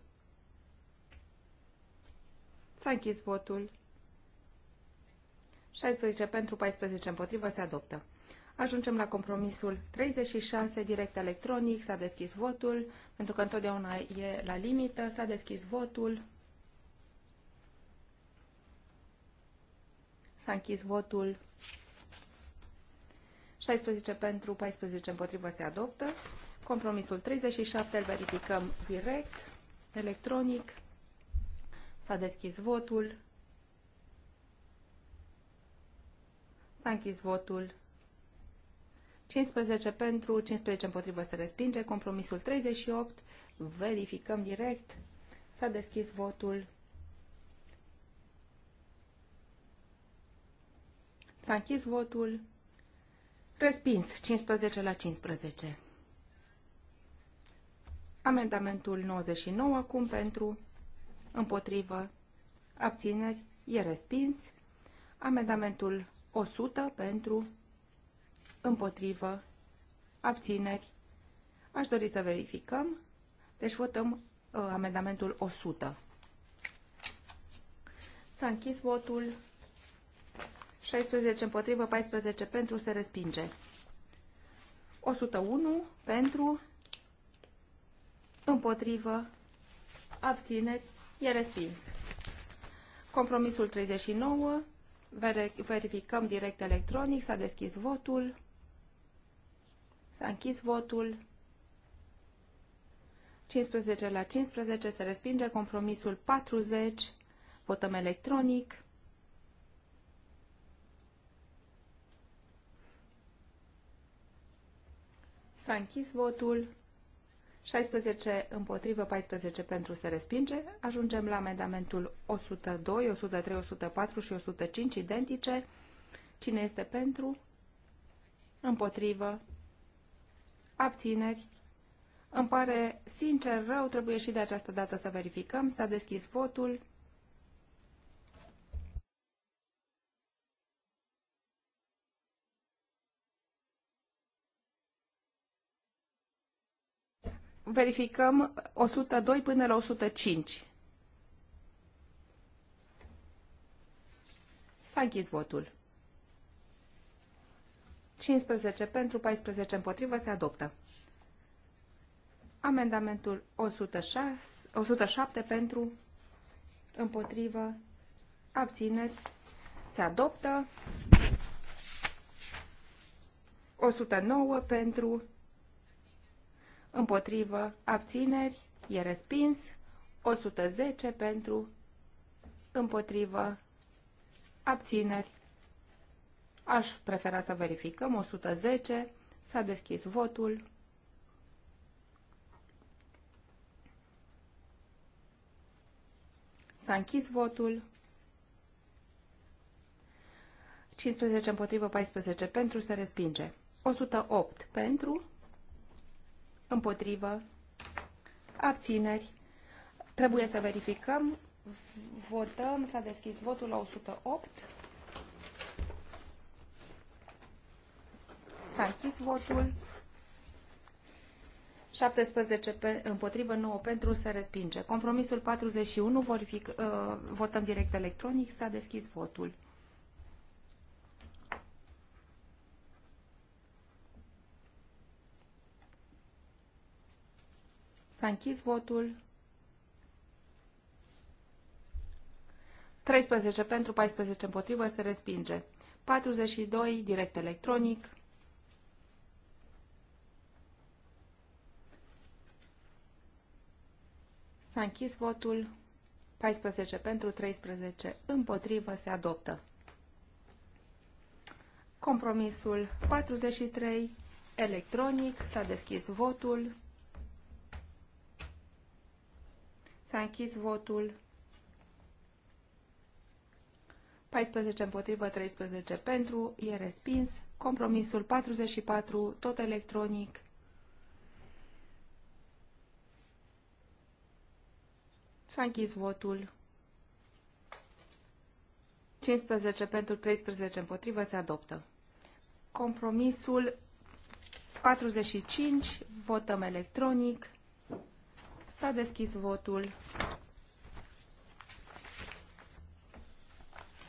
S-a închis votul. 16 pentru, 14 împotrivă, se adoptă. Ajungem la compromisul 36, direct electronic, s-a deschis votul, pentru că întotdeauna e la limită, s-a deschis votul, s-a închis votul, 16 pentru, 14 împotrivă se adoptă. Compromisul 37 îl verificăm direct, electronic. S-a deschis votul. S-a închis votul. 15 pentru, 15 împotrivă se respinge. Compromisul 38. Verificăm direct. S-a deschis votul. S-a închis votul. Respins 15 la 15. Amendamentul 99 acum pentru, împotrivă, abțineri, e respins. Amendamentul 100 pentru, împotrivă, abțineri. Aș dori să verificăm. Deci votăm uh, amendamentul 100. S-a închis votul. 16 împotrivă, 14 pentru, se respinge. 101 pentru, împotrivă, abțineri, e respins. Compromisul 39, verificăm direct electronic, s-a deschis votul, s-a închis votul, 15 la 15 se respinge, compromisul 40, votăm electronic, S-a închis votul. 16 împotrivă, 14 pentru se respinge. Ajungem la amendamentul 102, 103, 104 și 105 identice. Cine este pentru? Împotrivă. Abțineri. Îmi pare sincer rău, trebuie și de această dată să verificăm. S-a deschis votul. verificăm 102 până la 105. S-a închis votul. 15 pentru, 14 împotrivă, se adoptă. Amendamentul 106, 107 pentru, împotrivă, abțineri, se adoptă. 109 pentru, împotrivă, abțineri, e respins, 110 pentru, împotrivă, abțineri. Aș prefera să verificăm, 110, s-a deschis votul. S-a închis votul. 15 împotrivă, 14 pentru, se respinge. 108 pentru, împotrivă, abțineri. Trebuie să verificăm. Votăm, s-a deschis votul la 108. S-a închis votul. 17 pe, împotrivă, 9 pentru, se respinge. Compromisul 41, vor fi, uh, votăm direct electronic, s-a deschis votul. S-a închis votul. 13 pentru, 14 împotrivă, se respinge. 42, direct electronic. S-a închis votul. 14 pentru, 13 împotrivă, se adoptă. Compromisul 43, electronic, s-a deschis votul. S-a închis votul. 14 împotrivă, 13 pentru, e respins. Compromisul 44, tot electronic. S-a închis votul. 15 pentru, 13 împotrivă, se adoptă. Compromisul 45, votăm electronic. S-a deschis votul.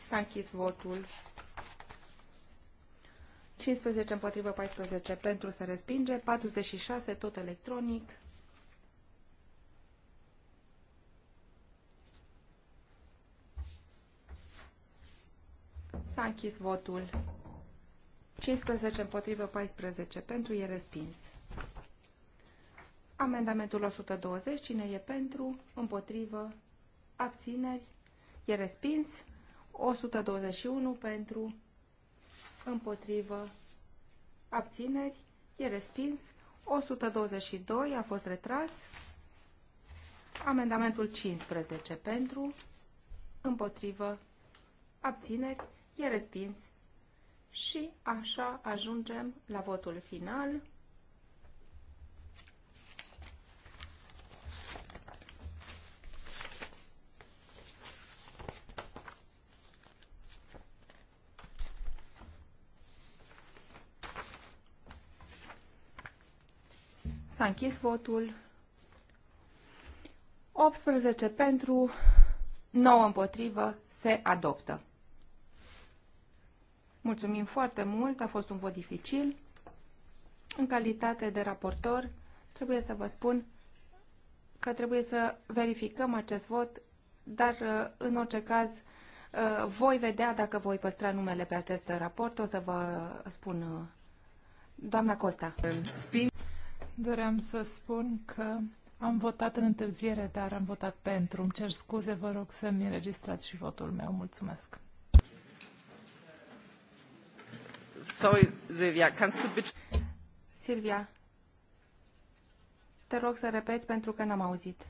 S-a închis votul. 15 împotrivă 14 pentru să respinge, 46 tot electronic. S-a închis votul. 15 împotrivă 14 pentru e respins. Amendamentul 120, cine e pentru, împotrivă, abțineri, e respins. 121 pentru, împotrivă, abțineri, e respins. 122 a fost retras. Amendamentul 15 pentru, împotrivă, abțineri, e respins. Și așa ajungem la votul final. S-a închis votul. 18 pentru, 9 împotrivă, se adoptă. Mulțumim foarte mult, a fost un vot dificil. În calitate de raportor, trebuie să vă spun că trebuie să verificăm acest vot, dar uh, în orice caz uh, voi vedea dacă voi păstra numele pe acest raport, o să vă spun uh, doamna Costa. Spin. Doream să spun că am votat în întârziere, dar am votat pentru. Îmi cer scuze, vă rog să-mi înregistrați și votul meu. Mulțumesc. Sorry, Silvia, kannst du bitte... Silvia, te rog să repeți pentru că n-am auzit.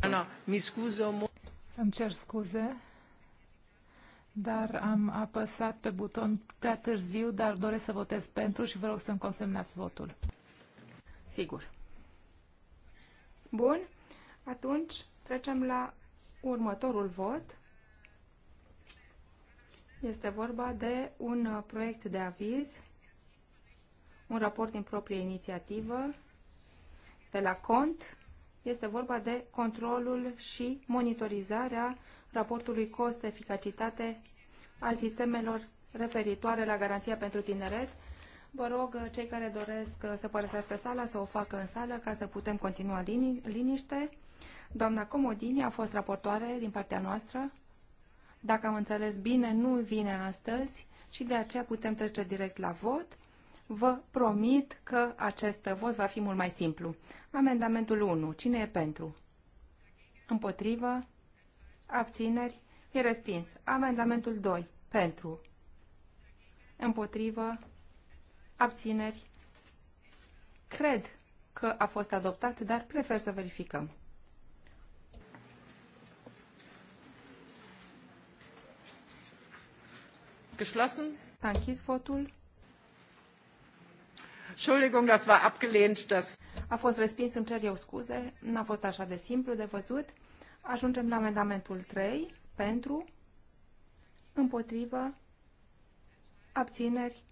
Ana, mi scuzo... Îmi cer scuze, dar am apăsat pe buton prea târziu, dar doresc să votez pentru și vă rog să-mi consemnați votul. Sigur. Bun. Atunci trecem la următorul vot. Este vorba de un uh, proiect de aviz, un raport din proprie inițiativă de la cont. Este vorba de controlul și monitorizarea raportului cost-eficacitate al sistemelor referitoare la garanția pentru tineret Vă rog, cei care doresc să părăsească sala, să o facă în sală ca să putem continua lini liniște. Doamna Comodini a fost raportoare din partea noastră. Dacă am înțeles bine, nu vine astăzi și de aceea putem trece direct la vot. Vă promit că acest vot va fi mult mai simplu. Amendamentul 1. Cine e pentru? Împotrivă? Abțineri? E respins. Amendamentul 2. Pentru? Împotrivă? Abțineri. Cred că a fost adoptat, dar prefer să verificăm. Geschlossen. S-a închis votul. Entschuldigung, das war abgelehnt, das... A fost respins, îmi cer eu scuze, n-a fost așa de simplu de văzut. Ajungem la amendamentul 3, pentru, împotrivă, abțineri,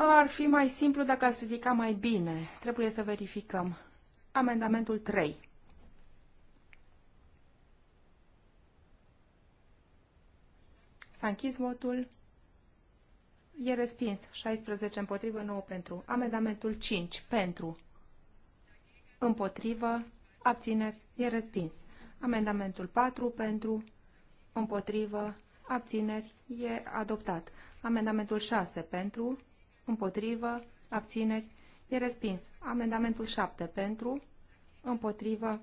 Ar fi mai simplu dacă ați ridica mai bine. Trebuie să verificăm. Amendamentul 3. S-a închis votul. E respins. 16 împotrivă, 9 pentru. Amendamentul 5 pentru. Împotrivă, abțineri, e respins. Amendamentul 4 pentru, împotrivă, abțineri, e adoptat. Amendamentul 6 pentru, împotrivă, abțineri, e respins. Amendamentul 7 pentru, împotrivă,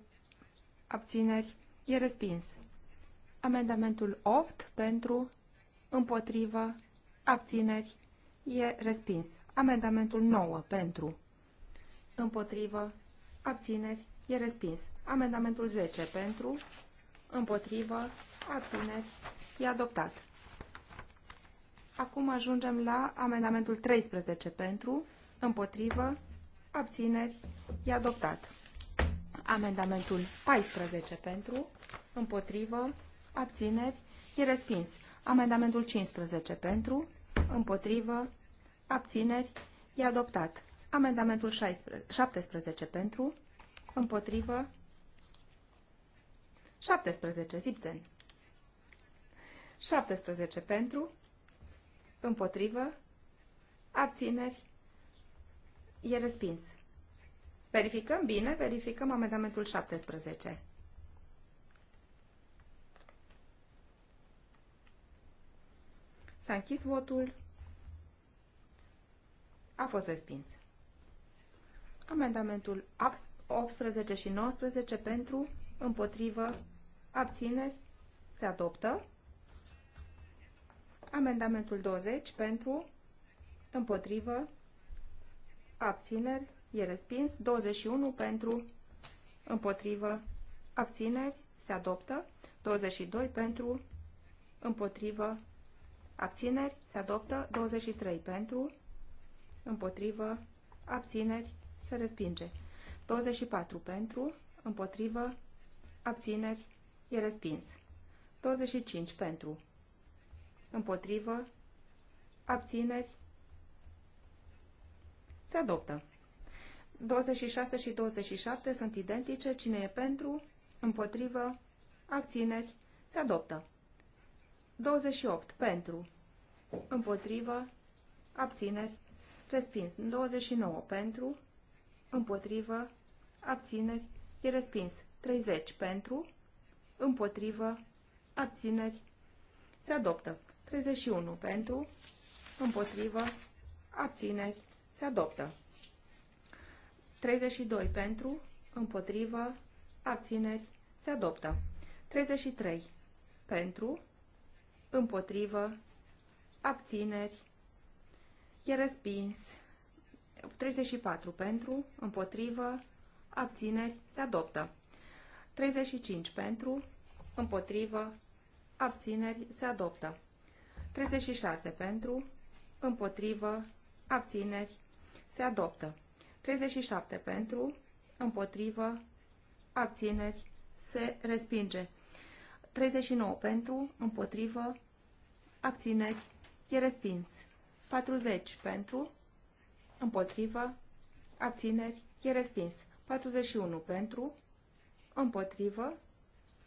abțineri, e respins. Amendamentul 8 pentru, împotrivă, abțineri, e respins. Amendamentul 9 pentru, împotrivă, abțineri, e respins. Amendamentul 10 pentru, împotrivă, abțineri, e adoptat. Acum ajungem la amendamentul 13 pentru, împotrivă, abțineri, e adoptat. Amendamentul 14 pentru, împotrivă, abțineri, e respins. Amendamentul 15 pentru, împotrivă, abțineri, e adoptat. Amendamentul 16, 17 pentru, împotrivă, 17, zipten. 17 pentru, împotrivă, abțineri, e respins. Verificăm bine, verificăm amendamentul 17. S-a închis votul. A fost respins. Amendamentul 18 și 19 pentru, împotrivă, abțineri, se adoptă. Amendamentul 20 pentru, împotrivă, abțineri, e respins. 21 pentru, împotrivă, abțineri, se adoptă. 22 pentru, împotrivă, abțineri, se adoptă. 23 pentru, împotrivă, abțineri, se respinge. 24 pentru, împotrivă, abțineri, e respins. 25 pentru, împotrivă, abțineri, se adoptă. 26 și 27 sunt identice. Cine e pentru, împotrivă, abțineri, se adoptă. 28 pentru, împotrivă, abțineri, respins. 29 pentru, împotrivă, abțineri, e respins. 30 pentru, împotrivă, abțineri, se adoptă. 31 pentru, împotrivă, abțineri, se adoptă. 32 pentru, împotrivă, abțineri, se adoptă. 33 pentru, împotrivă, abțineri, e respins. 34 pentru, împotrivă, abțineri, se adoptă. 35 pentru, împotrivă, abțineri, se adoptă. 36 pentru, împotrivă, abțineri, se adoptă. 37 pentru, împotrivă, abțineri, se respinge. 39 pentru, împotrivă, abțineri, e respins. 40 pentru, împotrivă, abțineri, e respins. 41 pentru, împotrivă,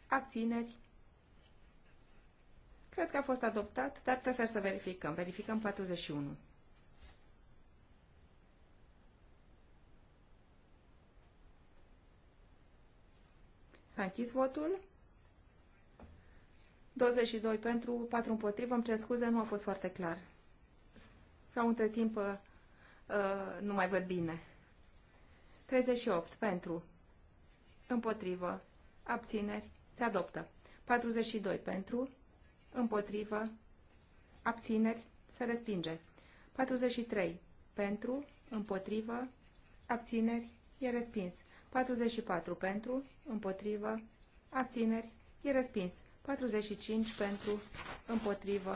abțineri, Cred că a fost adoptat, dar prefer să verificăm. Verificăm 41. S-a închis votul. 22 pentru, 4 împotrivă. Îmi cer scuze, nu a fost foarte clar. Sau între timp uh, nu mai văd bine. 38 pentru, împotrivă, abțineri, se adoptă. 42 pentru, împotrivă, abțineri, se respinge. 43. Pentru, împotrivă, abțineri, e respins. 44. Pentru, împotrivă, abțineri, e respins. 45. Pentru, împotrivă,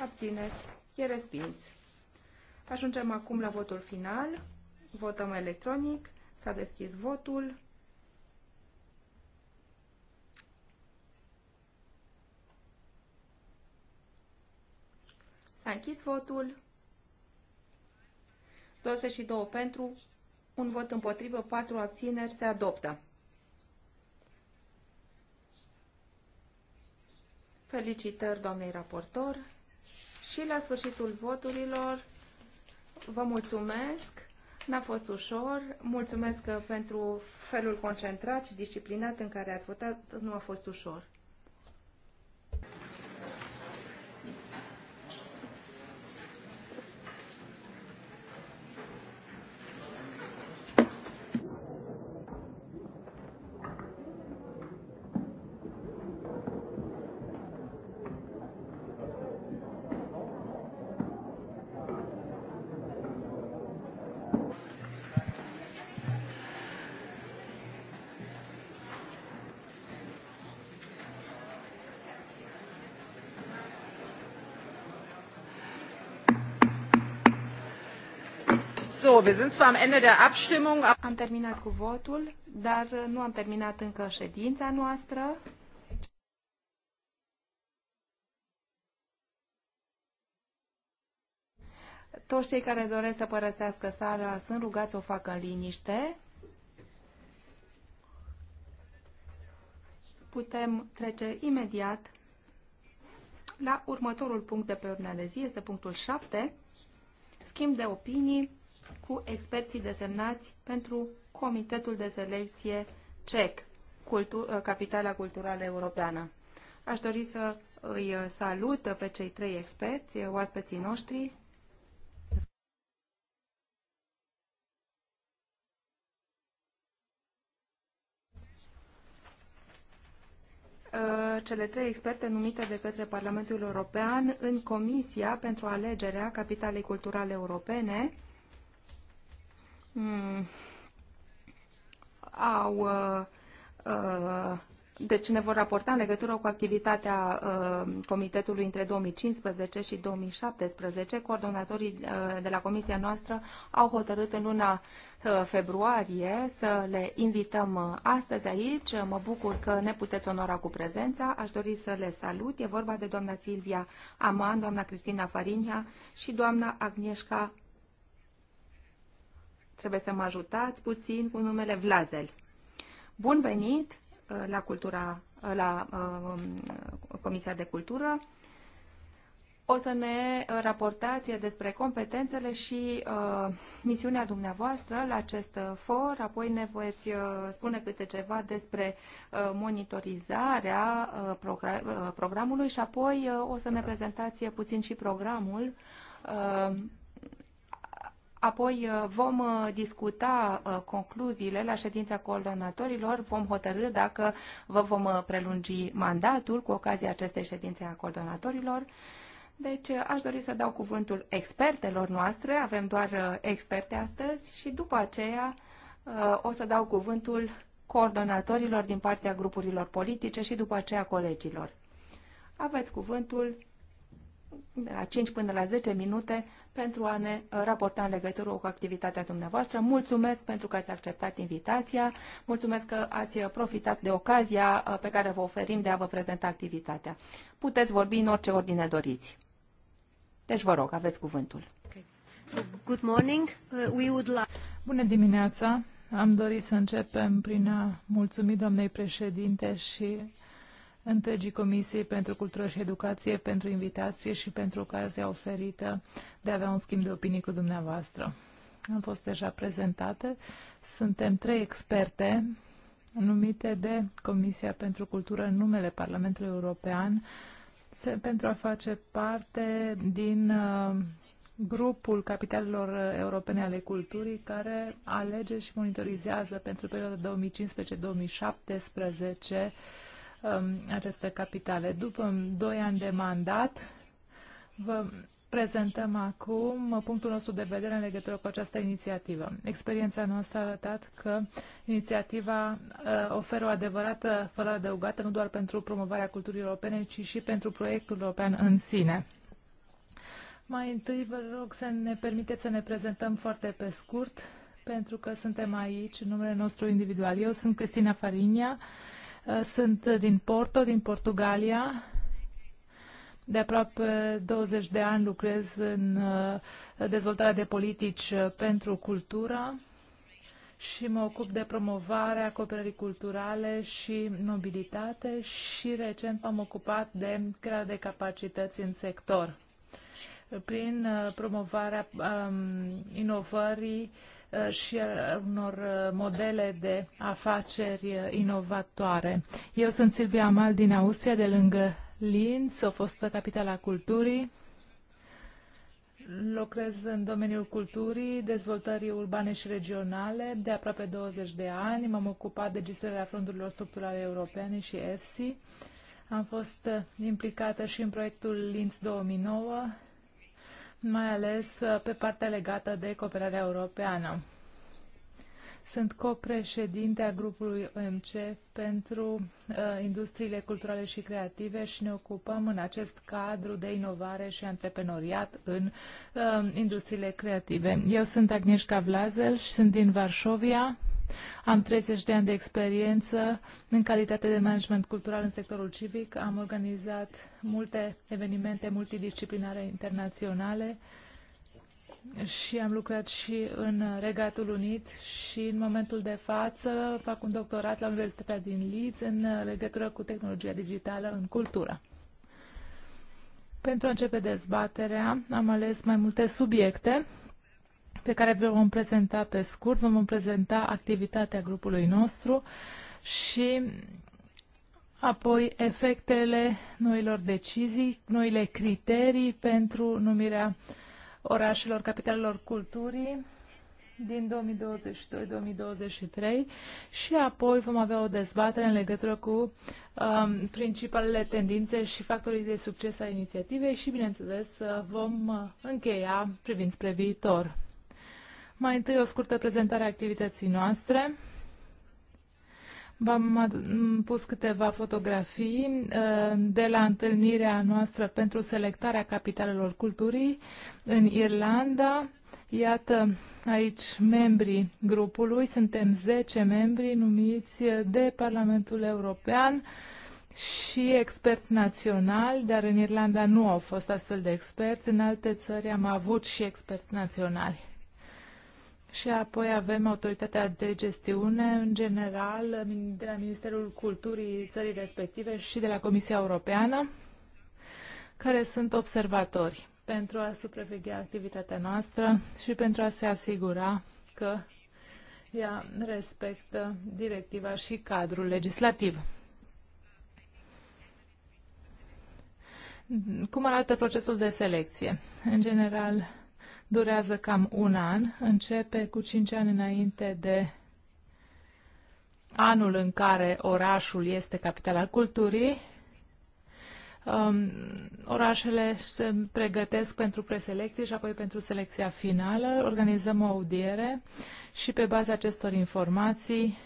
abțineri, e respins. Ajungem acum la votul final. Votăm electronic. S-a deschis votul. S-a închis votul. 22 pentru, un vot împotrivă, 4 abțineri, se adoptă. Felicitări doamnei raportor și la sfârșitul voturilor vă mulțumesc. N-a fost ușor. Mulțumesc pentru felul concentrat și disciplinat în care ați votat. Nu a fost ușor. wir sind zwar am Ende der Abstimmung. Am terminat cu votul, dar uh, nu am terminat încă ședința noastră. Toți cei care doresc să părăsească sala sunt rugați să o facă în liniște. Putem trece imediat la următorul punct de pe ordinea de zi, este punctul 7, schimb de opinii cu experții desemnați pentru Comitetul de Selecție CEC, Cultur, uh, Capitala Culturală Europeană. Aș dori să îi uh, salut pe cei trei experți, oaspeții noștri. Uh, cele trei experte numite de către Parlamentul European în Comisia pentru alegerea Capitalei Culturale Europene, Mm. au uh, uh, deci ne vor raporta în legătură cu activitatea uh, comitetului între 2015 și 2017. Coordonatorii de la comisia noastră au hotărât în luna februarie să le invităm astăzi aici. Mă bucur că ne puteți onora cu prezența. Aș dori să le salut. E vorba de doamna Silvia Aman, doamna Cristina Farinia și doamna Agnieszka Trebuie să mă ajutați puțin cu numele Vlazel. Bun venit uh, la, cultura, uh, la uh, Comisia de Cultură. O să ne raportați despre competențele și uh, misiunea dumneavoastră la acest for, apoi ne voi spune câte ceva despre uh, monitorizarea uh, uh, programului și apoi uh, o să ne prezentați puțin și programul uh, Apoi uh, vom uh, discuta uh, concluziile la ședința coordonatorilor, vom hotărâ dacă vă vom prelungi mandatul cu ocazia acestei ședințe a coordonatorilor. Deci aș dori să dau cuvântul expertelor noastre, avem doar experte astăzi și după aceea o să dau cuvântul coordonatorilor din partea grupurilor politice și după aceea colegilor. Aveți cuvântul de la 5 până la 10 minute pentru a ne uh, raporta în legătură cu activitatea dumneavoastră. Mulțumesc pentru că ați acceptat invitația, mulțumesc că ați uh, profitat de ocazia uh, pe care vă oferim de a vă prezenta activitatea. Puteți vorbi în orice ordine doriți. Deci vă rog, aveți cuvântul. good morning. We would like... Bună dimineața! Am dorit să începem prin a mulțumi doamnei președinte și întregii Comisiei pentru Cultură și Educație, pentru invitație și pentru ocazia oferită de a avea un schimb de opinii cu dumneavoastră. Am fost deja prezentate. Suntem trei experte numite de Comisia pentru Cultură în numele Parlamentului European pentru a face parte din uh, grupul capitalelor europene ale culturii care alege și monitorizează pentru perioada 2015-2017 Um, aceste capitale. După 2 ani de mandat, vă prezentăm acum punctul nostru de vedere în legătură cu această inițiativă. Experiența noastră a arătat că inițiativa uh, oferă o adevărată fără adăugată nu doar pentru promovarea culturii europene, ci și pentru proiectul european în sine. Mai întâi vă rog să ne permiteți să ne prezentăm foarte pe scurt, pentru că suntem aici, numele nostru individual. Eu sunt Cristina Farinia, sunt din Porto, din Portugalia. De aproape 20 de ani lucrez în uh, dezvoltarea de politici uh, pentru cultură și mă ocup de promovarea cooperării culturale și mobilitate și recent m-am ocupat de crearea de capacități în sector prin uh, promovarea um, inovării uh, Uh, și uh, unor uh, modele de afaceri inovatoare. Eu sunt Silvia Amal din Austria, de lângă Linz, o fostă capitala culturii. Lucrez în domeniul culturii, dezvoltării urbane și regionale de aproape 20 de ani. M-am ocupat de gestionarea fondurilor structurale europene și EFSI. Am fost implicată și în proiectul Linz 2009 mai ales uh, pe partea legată de cooperarea europeană. Sunt copreședinte a grupului OMC pentru uh, industriile culturale și creative și ne ocupăm în acest cadru de inovare și antreprenoriat în uh, industriile creative. Eu sunt Agnieszka Vlazel și sunt din Varșovia, am 30 de ani de experiență în calitate de management cultural în sectorul civic. Am organizat multe evenimente multidisciplinare internaționale și am lucrat și în Regatul Unit și în momentul de față fac un doctorat la Universitatea din Leeds în legătură cu tehnologia digitală în cultură. Pentru a începe dezbaterea, am ales mai multe subiecte pe care vă vom prezenta pe scurt. Vă vom prezenta activitatea grupului nostru și apoi efectele noilor decizii, noile criterii pentru numirea orașelor, capitalelor culturii din 2022-2023 și apoi vom avea o dezbatere în legătură cu um, principalele tendințe și factorii de succes a inițiativei și, bineînțeles, uh, vom uh, încheia privind spre viitor. Mai întâi o scurtă prezentare a activității noastre. V-am pus câteva fotografii uh, de la întâlnirea noastră pentru selectarea capitalelor culturii în Irlanda. Iată aici membrii grupului, suntem 10 membri numiți de Parlamentul European și experți naționali, dar în Irlanda nu au fost astfel de experți, în alte țări am avut și experți naționali. Și apoi avem autoritatea de gestiune, în general, de la Ministerul Culturii țării respective și de la Comisia Europeană, care sunt observatori pentru a supraveghea activitatea noastră și pentru a se asigura că ea respectă directiva și cadrul legislativ. Cum arată procesul de selecție? În general, durează cam un an, începe cu 5 ani înainte de anul în care orașul este capitala culturii. Um, orașele se pregătesc pentru preselecție și apoi pentru selecția finală. Organizăm o audiere și pe baza acestor informații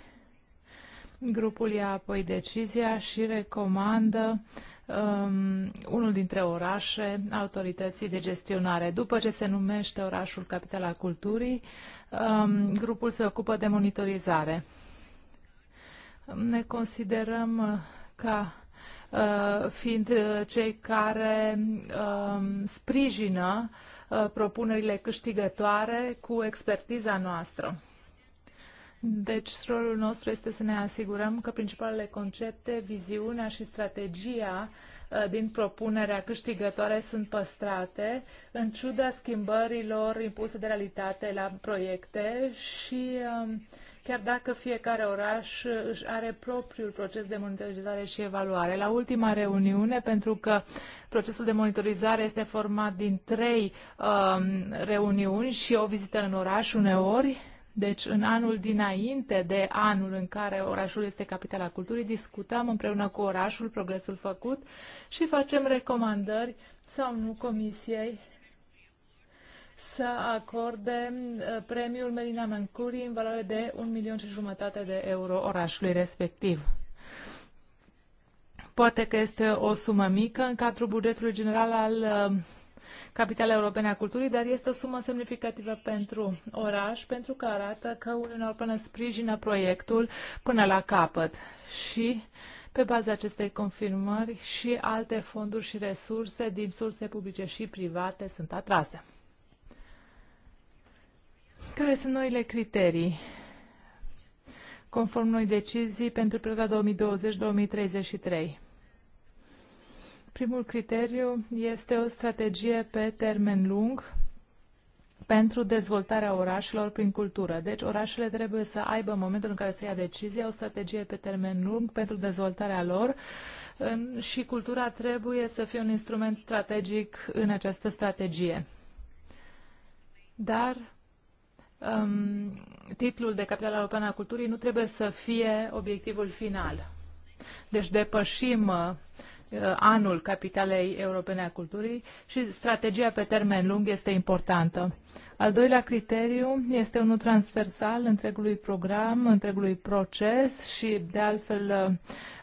grupul ia apoi decizia și recomandă uh, um, unul dintre orașe autorității de gestionare. După ce se numește orașul Capitala Culturii, um, grupul se ocupă de monitorizare. Ne considerăm ca uh, fiind uh, cei care uh, sprijină uh, propunerile câștigătoare cu expertiza noastră. Deci, rolul nostru este să ne asigurăm că principalele concepte, viziunea și strategia uh, din propunerea câștigătoare sunt păstrate, în ciuda schimbărilor impuse de realitate la proiecte și um, chiar dacă fiecare oraș uh, își are propriul proces de monitorizare și evaluare. La ultima reuniune, pentru că procesul de monitorizare este format din trei um, reuniuni și o vizită în oraș uneori, deci, în anul dinainte de anul în care orașul este capitala culturii, discutăm împreună cu orașul progresul făcut și facem recomandări sau nu comisiei să acorde uh, premiul Melina Mancuri în valoare de un milion și jumătate de euro orașului respectiv. Poate că este o sumă mică în cadrul bugetului general al uh, Capitala Europeană a Culturii, dar este o sumă semnificativă pentru oraș, pentru că arată că Uniunea Europeană sprijină proiectul până la capăt și pe baza acestei confirmări și alte fonduri și resurse din surse publice și private sunt atrase. Care sunt noile criterii? conform noi decizii pentru perioada 2020-2033. Primul criteriu este o strategie pe termen lung pentru dezvoltarea orașelor prin cultură. Deci orașele trebuie să aibă în momentul în care se ia decizia o strategie pe termen lung pentru dezvoltarea lor și cultura trebuie să fie un instrument strategic în această strategie. Dar um, titlul de capitală europeană a culturii nu trebuie să fie obiectivul final. Deci depășim uh, Uh, anul Capitalei Europene a Culturii și strategia pe termen lung este importantă. Al doilea criteriu este unul transversal întregului program, întregului proces și, de altfel,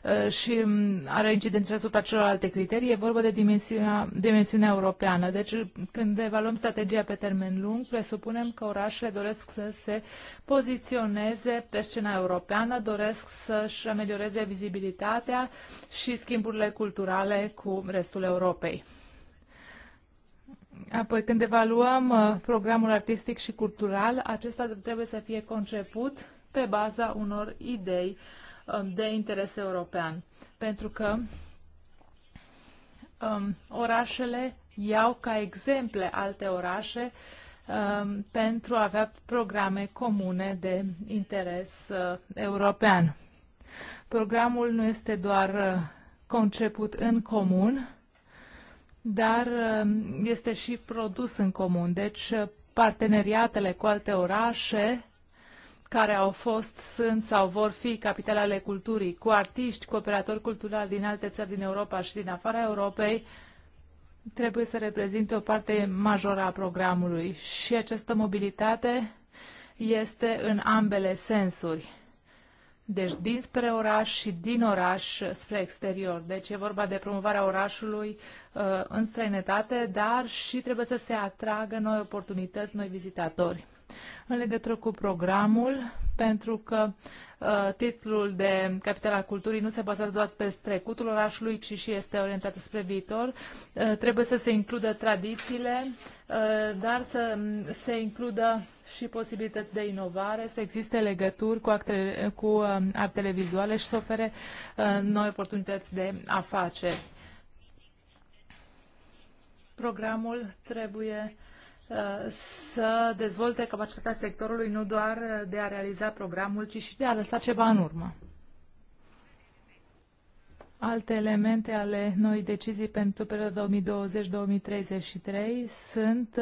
uh, și are incidență asupra celorlalte criterii. E vorba de dimensiunea, dimensiunea europeană. Deci, când evaluăm strategia pe termen lung, presupunem că orașele doresc să se poziționeze pe scena europeană, doresc să-și amelioreze vizibilitatea și schimburile culturale cu restul Europei. Apoi, când evaluăm uh, programul artistic și cultural, acesta trebuie să fie conceput pe baza unor idei um, de interes european. Pentru că um, orașele iau ca exemple alte orașe um, pentru a avea programe comune de interes uh, european. Programul nu este doar uh, conceput în comun, dar um, este și produs în comun. Deci parteneriatele cu alte orașe care au fost, sunt sau vor fi capitale ale culturii, cu artiști, cu operatori culturali din alte țări din Europa și din afara Europei, trebuie să reprezinte o parte majoră a programului și această mobilitate este în ambele sensuri. Deci dinspre oraș și din oraș spre exterior. Deci e vorba de promovarea orașului uh, în străinătate, dar și trebuie să se atragă noi oportunități, noi vizitatori în legătură cu programul, pentru că uh, titlul de Capitala Culturii nu se bazează doar pe trecutul orașului, ci și este orientat spre viitor. Uh, trebuie să se includă tradițiile, uh, dar să se includă și posibilități de inovare, să existe legături cu, actele, cu artele vizuale și să ofere noi oportunități de afaceri. Programul trebuie să dezvolte capacitatea sectorului nu doar de a realiza programul, ci și de a lăsa ceva în urmă. Alte elemente ale noi decizii pentru perioada 2020-2033 sunt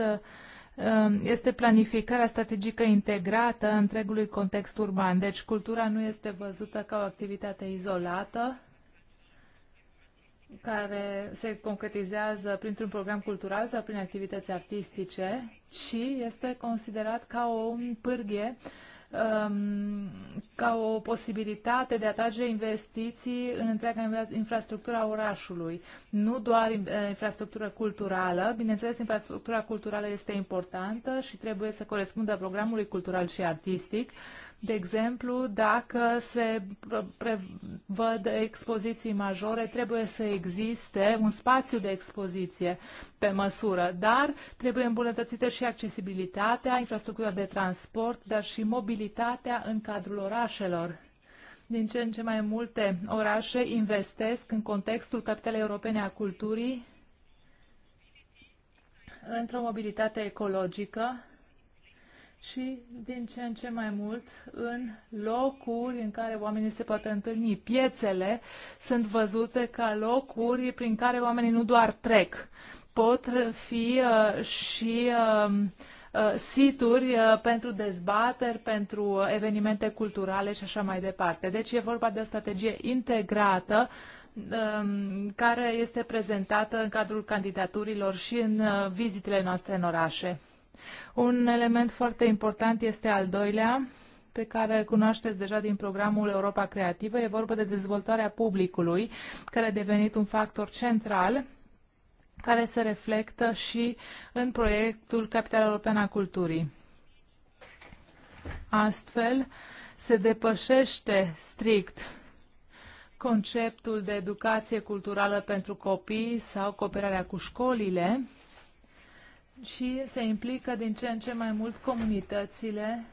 um, este planificarea strategică integrată întregului context urban. Deci cultura nu este văzută ca o activitate izolată, care se concretizează printr-un program cultural sau prin activități artistice și este considerat ca o pârghie um, ca o posibilitate de a atrage investiții în întreaga infrastructura orașului. Nu doar eh, infrastructura culturală, bineînțeles, infrastructura culturală este importantă și trebuie să corespundă programului cultural și artistic, de exemplu, dacă se prevăd expoziții majore, trebuie să existe un spațiu de expoziție pe măsură, dar trebuie îmbunătățită și accesibilitatea, infrastructura de transport, dar și mobilitatea în cadrul orașelor. Din ce în ce mai multe orașe investesc în contextul capitalei europene a culturii într-o mobilitate ecologică, și din ce în ce mai mult în locuri în care oamenii se pot întâlni. Piețele sunt văzute ca locuri prin care oamenii nu doar trec, pot fi uh, și uh, uh, situri uh, pentru dezbateri, pentru evenimente culturale și așa mai departe. Deci e vorba de o strategie integrată um, care este prezentată în cadrul candidaturilor și în uh, vizitele noastre în orașe. Un element foarte important este al doilea, pe care îl cunoașteți deja din programul Europa Creativă. E vorba de dezvoltarea publicului, care a devenit un factor central care se reflectă și în proiectul Capitala Europeană a Culturii. Astfel, se depășește strict conceptul de educație culturală pentru copii sau cooperarea cu școlile, și se implică din ce în ce mai mult comunitățile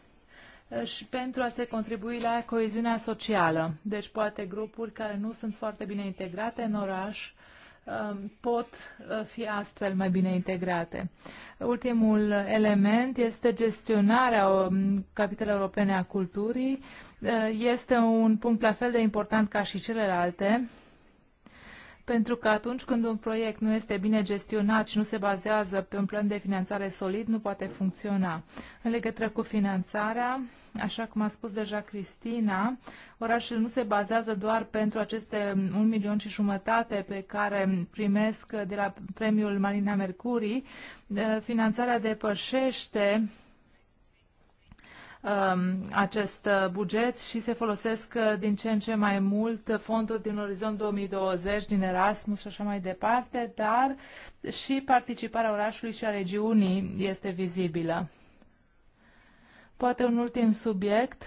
eh, și pentru a se contribui la coeziunea socială. Deci poate grupuri care nu sunt foarte bine integrate în oraș eh, pot eh, fi astfel mai bine integrate. Ultimul element este gestionarea capitalei europene a culturii. Este un punct la fel de important ca și celelalte pentru că atunci când un proiect nu este bine gestionat și nu se bazează pe un plan de finanțare solid, nu poate funcționa. În legătură cu finanțarea, așa cum a spus deja Cristina, orașul nu se bazează doar pentru aceste un milion și jumătate pe care primesc de la premiul Marina Mercurii. Finanțarea depășește Um, acest uh, buget și se folosesc uh, din ce în ce mai mult fonduri din Orizont 2020, din Erasmus și așa mai departe, dar și participarea orașului și a regiunii este vizibilă. Poate un ultim subiect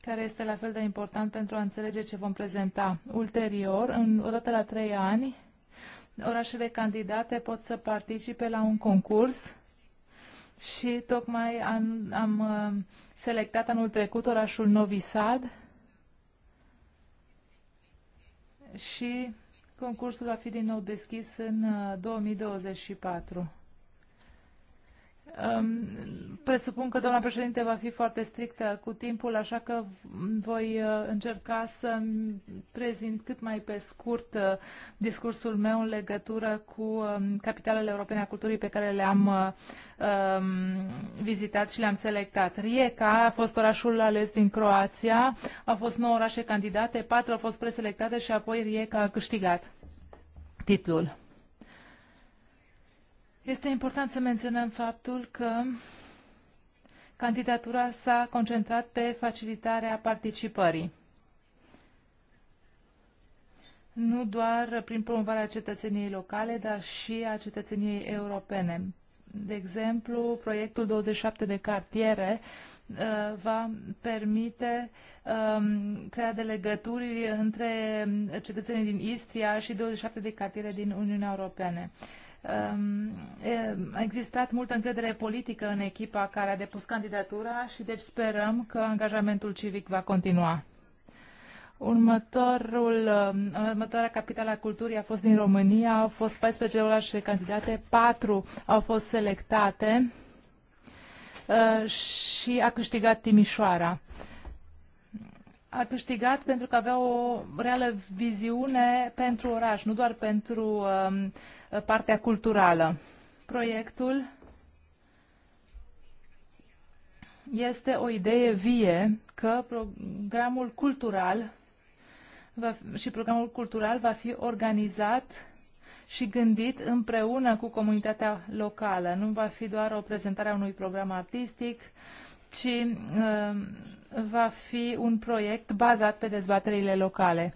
care este la fel de important pentru a înțelege ce vom prezenta ulterior, în, odată la trei ani, orașele candidate pot să participe la un concurs și tocmai am, am uh, selectat anul trecut orașul Novi Sad și concursul va fi din nou deschis în 2024. Uh, Presupun că doamna președinte va fi foarte strictă cu timpul, așa că voi uh, încerca să prezint cât mai pe scurt uh, discursul meu în legătură cu um, capitalele europene a culturii pe care le-am uh, um, vizitat și le-am selectat. Rijeka a fost orașul ales din Croația, au fost 9 orașe candidate, patru au fost preselectate și apoi Rijeka a câștigat titlul. Este important să menționăm faptul că candidatura s-a concentrat pe facilitarea participării. Nu doar prin promovarea cetățeniei locale, dar și a cetățeniei europene. De exemplu, proiectul 27 de cartiere uh, va permite um, crearea de legături între cetățenii din Istria și 27 de cartiere din Uniunea Europeană a existat multă încredere politică în echipa care a depus candidatura și deci sperăm că angajamentul civic va continua. Următorul, um, următoarea capitală a culturii a fost din România, au fost 14 orașe candidate, 4 au fost selectate uh, și a câștigat Timișoara. A câștigat pentru că avea o reală viziune pentru oraș, nu doar pentru uh, Uh, partea culturală. Proiectul este o idee vie că programul cultural va, și programul cultural va fi organizat și gândit împreună cu comunitatea locală. Nu va fi doar o prezentare a unui program artistic, ci uh, va fi un proiect bazat pe dezbaterile locale.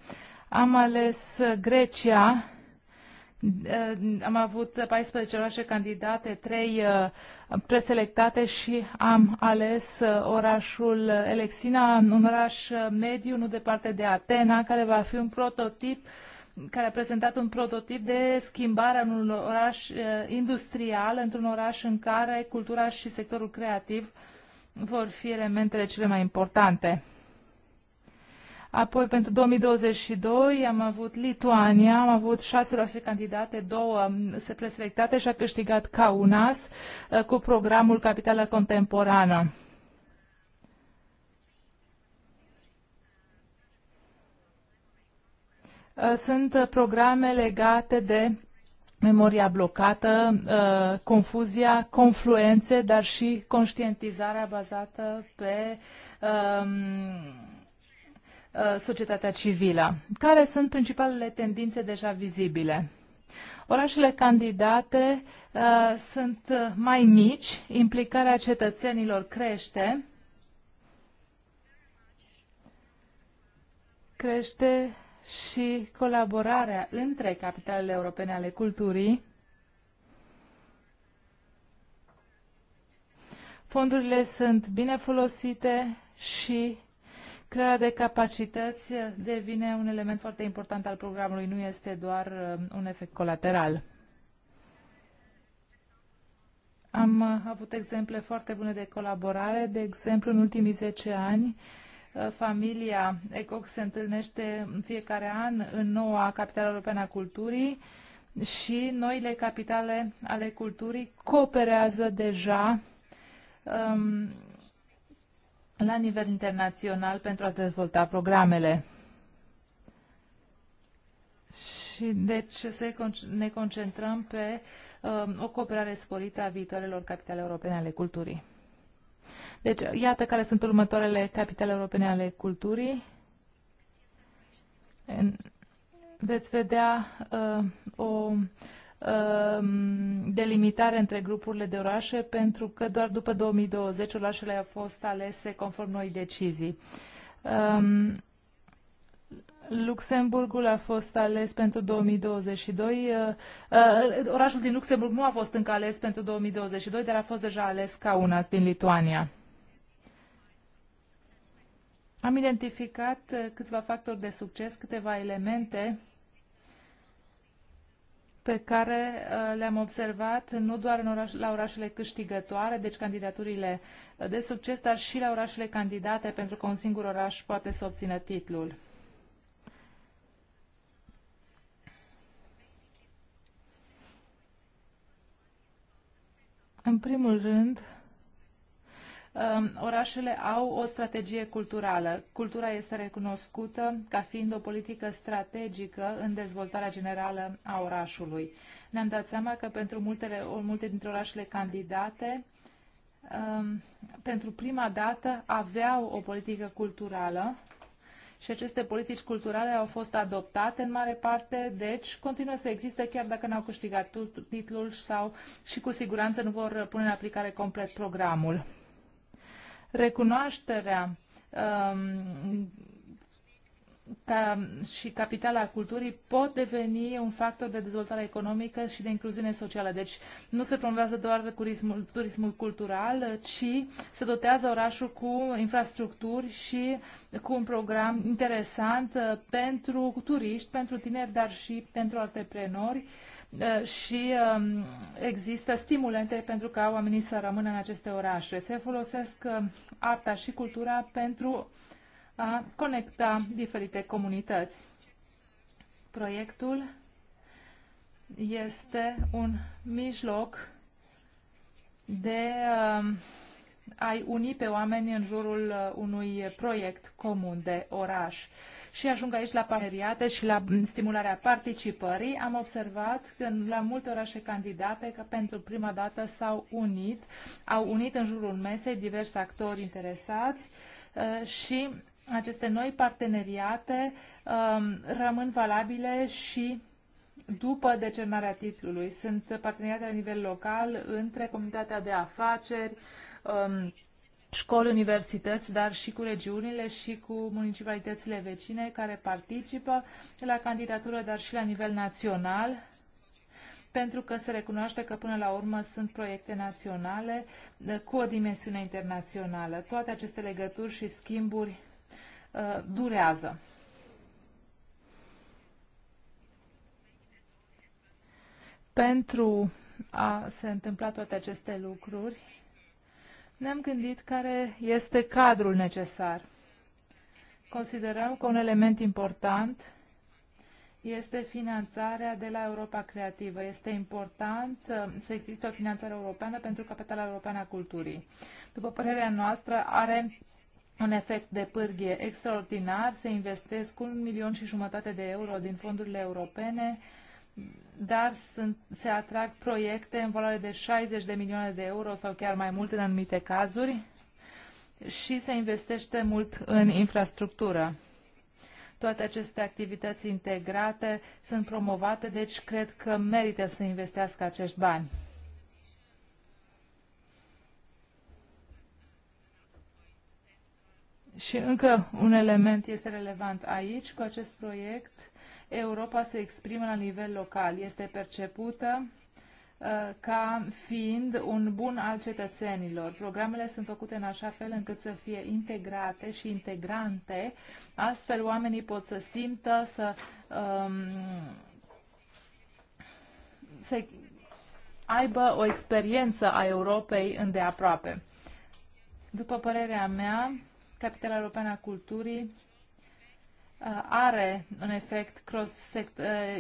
Am ales Grecia am avut 14 orașe candidate, 3 uh, preselectate și am ales uh, orașul Elexina, un oraș uh, mediu, nu departe de Atena, care va fi un prototip care a prezentat un prototip de schimbare în un oraș industrial, într-un oraș în care cultura și sectorul creativ vor fi elementele cele mai importante. Apoi, pentru 2022, am avut Lituania, am avut șase roșii candidate, două um, se preselectate și a câștigat Kaunas uh, cu programul Capitală Contemporană. Uh, sunt programe legate de memoria blocată, uh, confuzia, confluențe, dar și conștientizarea bazată pe um, Uh, societatea civilă. Care sunt principalele tendințe deja vizibile? Orașele candidate uh, sunt mai mici, implicarea cetățenilor crește, crește și colaborarea între capitalele europene ale culturii. Fondurile sunt bine folosite și Crearea de capacități devine un element foarte important al programului, nu este doar um, un efect colateral. Am uh, avut exemple foarte bune de colaborare, de exemplu, în ultimii 10 ani, uh, familia ECOC se întâlnește în fiecare an în noua capitală europeană a culturii și noile capitale ale culturii cooperează deja um, la nivel internațional pentru a dezvolta programele. Și deci să ne concentrăm pe um, o cooperare sporită a viitoarelor capitale europene ale culturii. Deci, iată care sunt următoarele capitale europene ale culturii. Veți vedea uh, o Um, delimitare între grupurile de orașe, pentru că doar după 2020 orașele au fost alese conform noi decizii. Um, Luxemburgul a fost ales pentru 2022. Uh, uh, orașul din Luxemburg nu a fost încă ales pentru 2022, dar a fost deja ales ca una din Lituania. Am identificat uh, câțiva factori de succes, câteva elemente pe care uh, le-am observat nu doar în oraș, la orașele câștigătoare, deci candidaturile de succes, dar și la orașele candidate, pentru că un singur oraș poate să obțină titlul. În primul rând, Um, orașele au o strategie culturală. Cultura este recunoscută ca fiind o politică strategică în dezvoltarea generală a orașului. Ne-am dat seama că pentru multele, multe dintre orașele candidate, um, pentru prima dată aveau o politică culturală și aceste politici culturale au fost adoptate în mare parte, deci continuă să existe chiar dacă n-au câștigat titlul sau și cu siguranță nu vor pune în aplicare complet programul recunoașterea um, ca și capitala culturii pot deveni un factor de dezvoltare economică și de incluziune socială. Deci nu se promovează doar turismul, turismul cultural, ci se dotează orașul cu infrastructuri și cu un program interesant uh, pentru turiști, pentru tineri, dar și pentru antreprenori Uh, și um, există stimulente pentru ca oamenii să rămână în aceste orașe. Se folosesc um, arta și cultura pentru a conecta diferite comunități. Proiectul este un mijloc de um, a-i uni pe oameni în jurul uh, unui proiect comun de oraș și ajung aici la parteneriate și la stimularea participării. Am observat că la multe orașe candidate că pentru prima dată s-au unit, au unit în jurul mesei diversi actori interesați uh, și aceste noi parteneriate um, rămân valabile și după decernarea titlului. Sunt parteneriate la nivel local între comunitatea de afaceri, um, școli, universități, dar și cu regiunile și cu municipalitățile vecine care participă la candidatură, dar și la nivel național, pentru că se recunoaște că până la urmă sunt proiecte naționale cu o dimensiune internațională. Toate aceste legături și schimburi uh, durează. Pentru a se întâmpla toate aceste lucruri, ne-am gândit care este cadrul necesar. Considerăm că un element important este finanțarea de la Europa Creativă. Este important uh, să existe o finanțare europeană pentru capitala europeană a culturii. După părerea noastră, are un efect de pârghie extraordinar. Se investesc un milion și jumătate de euro din fondurile europene dar sunt, se atrag proiecte în valoare de 60 de milioane de euro sau chiar mai mult în anumite cazuri și se investește mult în infrastructură. Toate aceste activități integrate sunt promovate, deci cred că merită să investească acești bani. Și încă un element este relevant aici, cu acest proiect Europa se exprimă la nivel local. Este percepută uh, ca fiind un bun al cetățenilor. Programele sunt făcute în așa fel încât să fie integrate și integrante, astfel oamenii pot să simtă, să, um, să aibă o experiență a Europei îndeaproape. După părerea mea, Capitala Europeană a Culturii Uh, are un efect cross uh,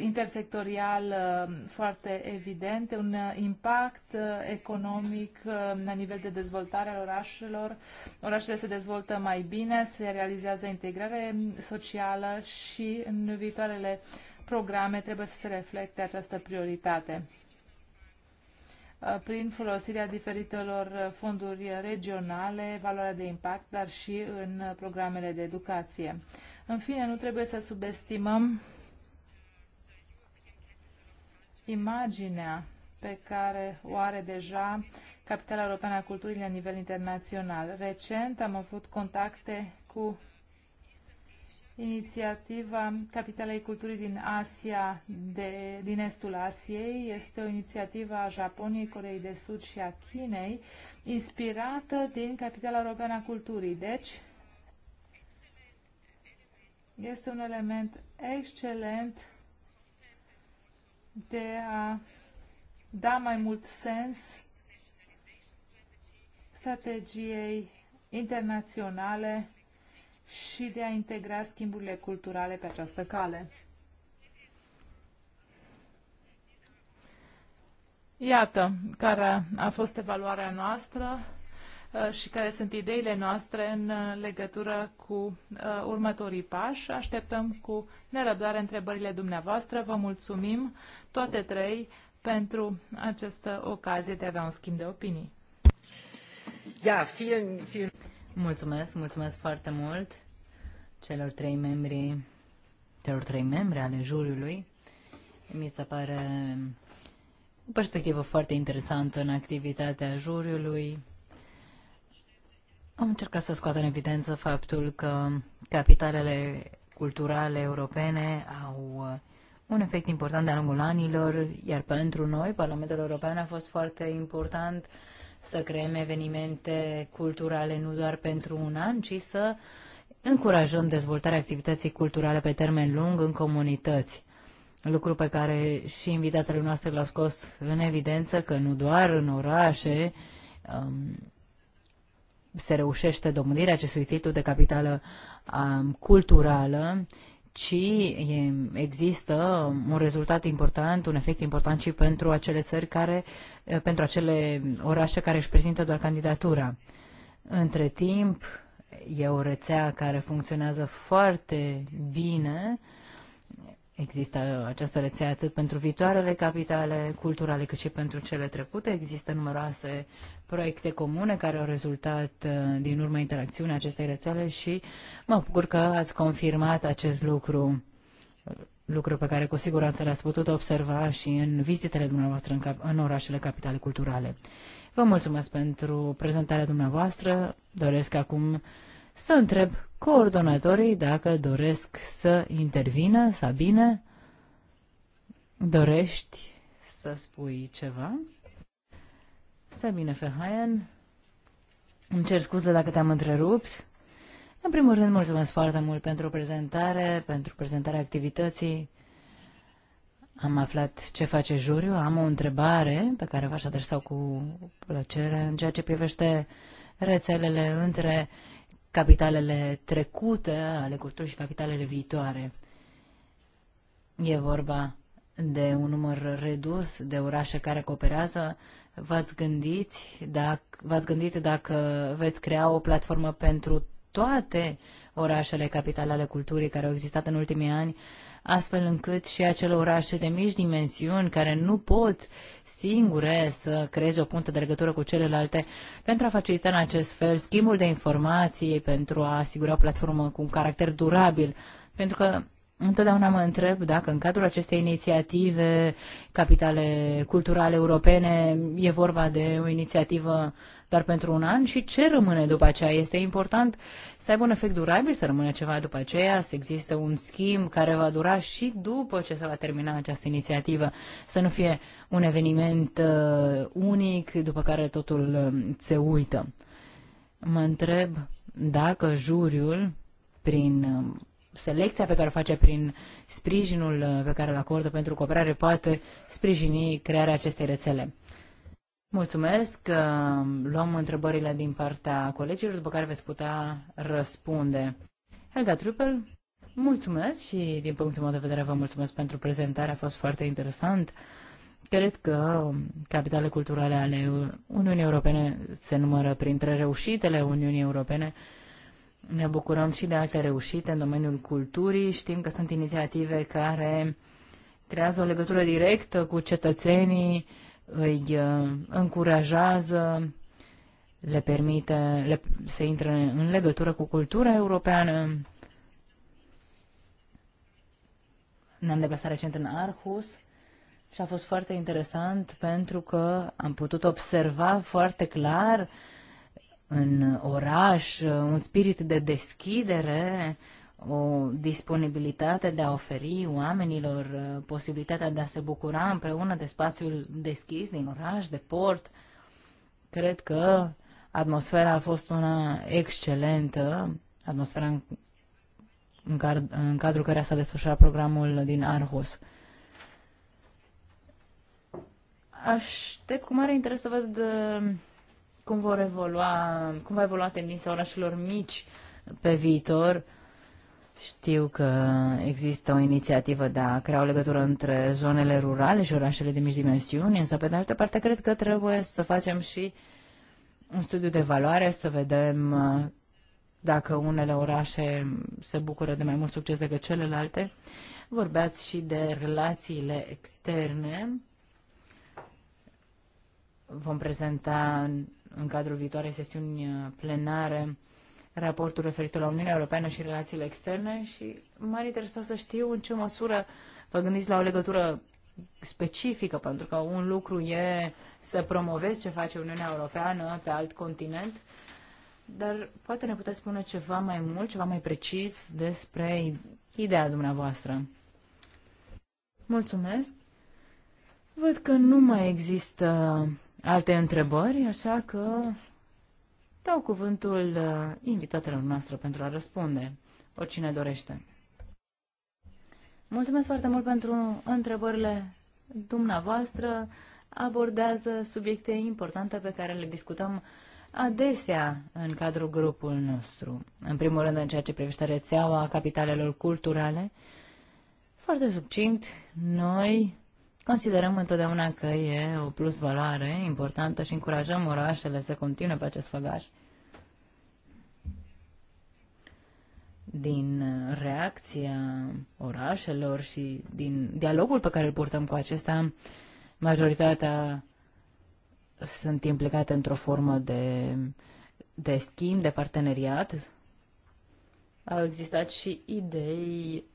intersectorial uh, foarte evident, un impact economic la nivel de dezvoltare al orașelor. Orașele se dezvoltă mai bine, se realizează integrare socială și în viitoarele programe trebuie să se reflecte această prioritate prin folosirea diferitelor fonduri regionale, valoarea de impact, dar și în programele de educație. În fine, nu trebuie să subestimăm imaginea pe care o are deja Capitala Europeană a Culturii la nivel internațional. Recent am avut contacte cu inițiativa Capitalei Culturii din Asia, de, din Estul Asiei. Este o inițiativă a Japoniei, Coreei de Sud și a Chinei, inspirată din Capitala Europeană a Culturii. Deci, este un element excelent de a da mai mult sens strategiei internaționale și de a integra schimburile culturale pe această cale. Iată care a fost evaluarea noastră. Uh, și care sunt ideile noastre în uh, legătură cu uh, următorii pași. Așteptăm cu nerăbdare întrebările dumneavoastră. Vă mulțumim toate trei pentru această ocazie de a avea un schimb de opinii. Ja, vielen, vielen... Mulțumesc, mulțumesc foarte mult celor trei membri, celor trei membri ale juriului. Mi se pare o perspectivă foarte interesantă în activitatea juriului. Am încercat să scoată în evidență faptul că capitalele culturale europene au uh, un efect important de-a lungul anilor, iar pentru noi, Parlamentul European a fost foarte important să creăm evenimente culturale nu doar pentru un an, ci să încurajăm dezvoltarea activității culturale pe termen lung în comunități. Lucru pe care și invitatele noastre l-au scos în evidență că nu doar în orașe, um, se reușește domnirea acestui titlu de capitală um, culturală, ci e, există un rezultat important, un efect important și pentru acele țări care, pentru acele orașe care își prezintă doar candidatura. Între timp, e o rețea care funcționează foarte bine Există această rețea atât pentru viitoarele capitale culturale, cât și pentru cele trecute. Există numeroase proiecte comune care au rezultat uh, din urma interacțiunii acestei rețele și mă bucur că ați confirmat acest lucru, lucru pe care cu siguranță l-ați putut observa și în vizitele dumneavoastră în, cap- în orașele capitale culturale. Vă mulțumesc pentru prezentarea dumneavoastră. Doresc acum să întreb Coordonatorii, dacă doresc să intervină, Sabine, dorești să spui ceva? Sabine Ferhaien, îmi cer scuze dacă te-am întrerupt. În primul rând, mulțumesc foarte mult pentru prezentare, pentru prezentarea activității. Am aflat ce face juriu, am o întrebare pe care v-aș adresa cu plăcere în ceea ce privește rețelele între uh, capitalele trecute ale culturii și capitalele viitoare. E vorba de un număr redus de orașe care cooperează. V-ați gândit dacă, v-ați gândit dacă veți crea o platformă pentru toate orașele capitale ale culturii care au existat în ultimii ani astfel încât și acele orașe de mici dimensiuni care nu pot singure să creeze o punte de legătură cu celelalte pentru a facilita în acest fel schimbul de informații, pentru a asigura o platformă cu un caracter durabil, pentru că Întotdeauna mă întreb dacă în cadrul acestei inițiative Capitale Culturale Europene e vorba de o inițiativă doar pentru un an și ce rămâne după aceea. Este important să aibă un efect durabil, să rămâne ceva după aceea, să existe un schimb care va dura și după ce se va termina această inițiativă, să nu fie un eveniment uh, unic după care totul um, se uită. Mă întreb dacă juriul, prin um, selecția pe care o face prin sprijinul uh, pe care îl acordă pentru cooperare poate sprijini crearea acestei rețele. Mulțumesc. Luăm întrebările din partea colegilor, după care veți putea răspunde. Helga Trupel, mulțumesc și din punctul meu de vedere vă mulțumesc pentru prezentare, a fost foarte interesant. Cred că capitale culturale ale Uniunii Europene se numără printre reușitele Uniunii Europene. Ne bucurăm și de alte reușite în domeniul culturii. Știm că sunt inițiative care creează o legătură directă cu cetățenii, îi uh, încurajează, le permite le, să intre în legătură cu cultura europeană. Ne-am deplasat recent în Arhus și a fost foarte interesant pentru că am putut observa foarte clar în oraș un spirit de deschidere o disponibilitate de a oferi oamenilor uh, posibilitatea de a se bucura împreună de spațiul deschis din oraș, de port. Cred că atmosfera a fost una excelentă, atmosfera în, în, card, în cadrul care s-a desfășurat programul din Arhus. Aștept cu mare interes să văd uh, cum vor evolua, cum va evolua tendința orașelor mici pe viitor știu că există o inițiativă de a crea o legătură între zonele rurale și orașele de mici dimensiuni, însă, pe de altă parte, cred că trebuie să facem și un studiu de valoare, să vedem uh, dacă unele orașe se bucură de mai mult succes decât celelalte. Vorbeați și de relațiile externe. Vom prezenta în cadrul viitoarei sesiuni uh, plenare raportul referitor la Uniunea Europeană și relațiile externe și m-ar interesa să știu în ce măsură vă gândiți la o legătură specifică, pentru că un lucru e să promovezi ce face Uniunea Europeană pe alt continent, dar poate ne puteți spune ceva mai mult, ceva mai precis despre ideea dumneavoastră. Mulțumesc! Văd că nu mai există alte întrebări, așa că Dau cuvântul uh, invitatelor noastre pentru a răspunde. Oricine dorește. Mulțumesc foarte mult pentru întrebările dumneavoastră. Abordează subiecte importante pe care le discutăm adesea în cadrul grupul nostru. În primul rând, în ceea ce privește rețeaua capitalelor culturale, foarte subcint, noi Considerăm întotdeauna că e o plus valoare importantă și încurajăm orașele să continue pe acest făgaș. Din reacția orașelor și din dialogul pe care îl purtăm cu acesta, majoritatea sunt implicate într-o formă de, de schimb, de parteneriat. Au existat și idei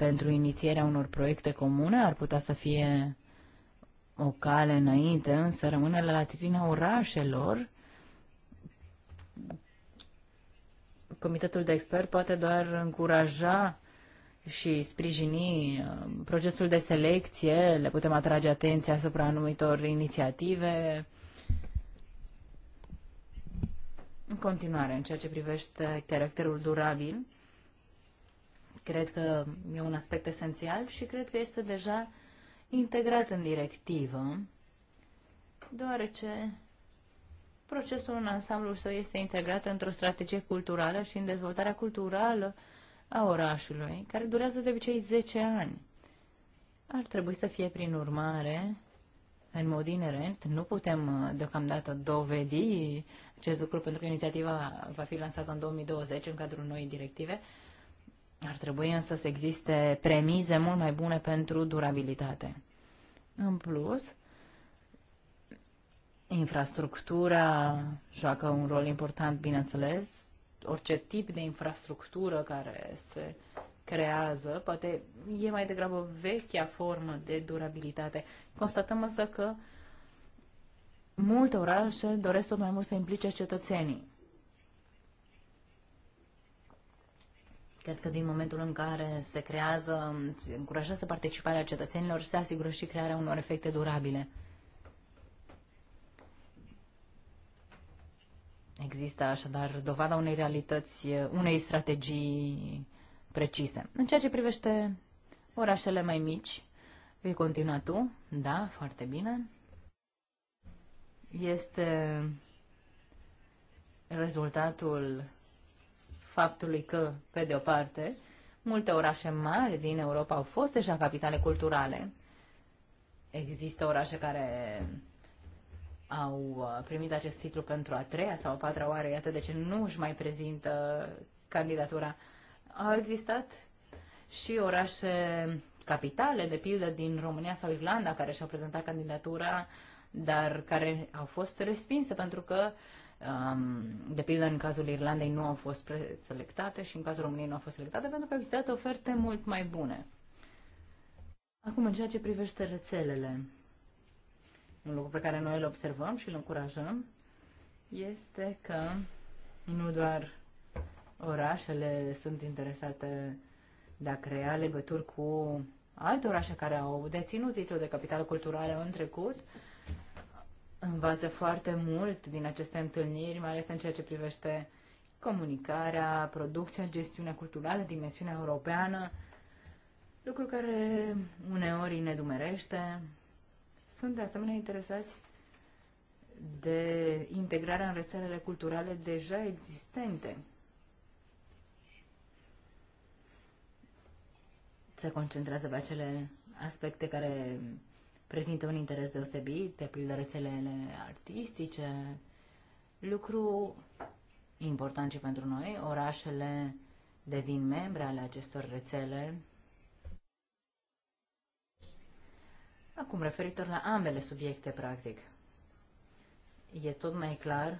pentru inițierea unor proiecte comune ar putea să fie o cale înainte, însă rămâne la latitudinea orașelor. Comitetul de expert poate doar încuraja și sprijini uh, procesul de selecție, le putem atrage atenția asupra anumitor inițiative. În continuare, în ceea ce privește caracterul durabil, Cred că e un aspect esențial și cred că este deja integrat în directivă, deoarece procesul în ansamblul său este integrat într-o strategie culturală și în dezvoltarea culturală a orașului, care durează de obicei 10 ani. Ar trebui să fie, prin urmare, în mod inerent, nu putem uh, deocamdată dovedi acest lucru pentru că inițiativa va fi lansată în 2020 în cadrul noii directive, ar trebui însă să existe premize mult mai bune pentru durabilitate. În plus, infrastructura joacă un rol important, bineînțeles. Orice tip de infrastructură care se creează, poate e mai degrabă vechea formă de durabilitate. Constatăm însă că multe orașe doresc tot mai mult să implice cetățenii. Cred că din momentul în care se creează, se încurajează participarea cetățenilor, se asigură și crearea unor efecte durabile. Există așadar dovada unei realități, unei strategii precise. În ceea ce privește orașele mai mici, vei continua tu? Da, foarte bine. Este rezultatul faptului că, pe de o parte, multe orașe mari din Europa au fost deja capitale culturale. Există orașe care au uh, primit acest titlu pentru a treia sau a patra oară, iată de ce nu își mai prezintă candidatura. Au existat și orașe capitale, de pildă din România sau Irlanda, care și-au prezentat candidatura, dar care au fost respinse pentru că uh, de pildă în cazul Irlandei nu au fost selectate și în cazul României nu au fost selectate pentru că existat oferte mult mai bune. Acum, în ceea ce privește rețelele, un lucru pe care noi îl observăm și îl încurajăm este că nu doar orașele sunt interesate de a crea legături cu alte orașe care au deținut titlul de capitală culturală în trecut, învață foarte mult din aceste întâlniri, mai ales în ceea ce privește comunicarea, producția, gestiunea culturală, dimensiunea europeană, lucru care uneori ne dumerește. Sunt de asemenea interesați de integrarea în rețelele culturale deja existente. Se concentrează pe acele aspecte care prezintă un interes deosebit, de pildă rețelele artistice, lucru important și pentru noi. Orașele devin membre ale acestor rețele. Acum, referitor la ambele subiecte, practic, e tot mai clar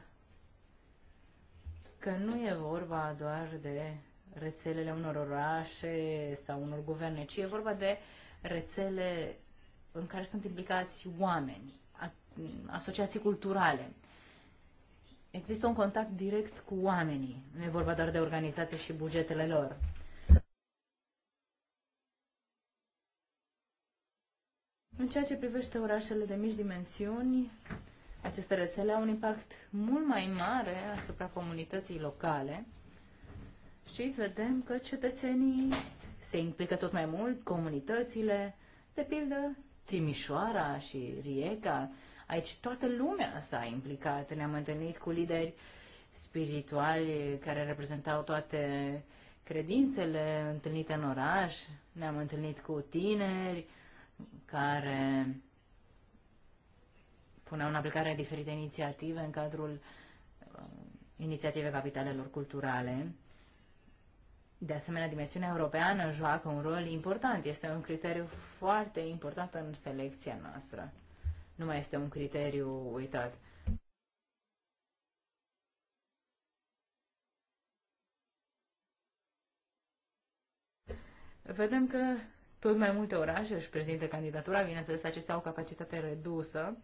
că nu e vorba doar de rețelele unor orașe sau unor guverne, ci e vorba de rețele în care sunt implicați oameni, asociații culturale. Există un contact direct cu oamenii, nu e vorba doar de organizații și bugetele lor. În ceea ce privește orașele de mici dimensiuni, aceste rețele au un impact mult mai mare asupra comunității locale și vedem că cetățenii se implică tot mai mult, comunitățile, de pildă Timișoara și Rieca, Aici toată lumea s-a implicat. Ne-am întâlnit cu lideri spirituali care reprezentau toate credințele întâlnite în oraș. Ne-am întâlnit cu tineri care puneau în aplicare diferite inițiative în cadrul uh, inițiative capitalelor culturale. De asemenea, dimensiunea europeană joacă un rol important. Este un criteriu foarte important în selecția noastră. Nu mai este un criteriu uitat. Vedem că tot mai multe orașe își prezintă candidatura, bineînțeles, acestea au capacitate redusă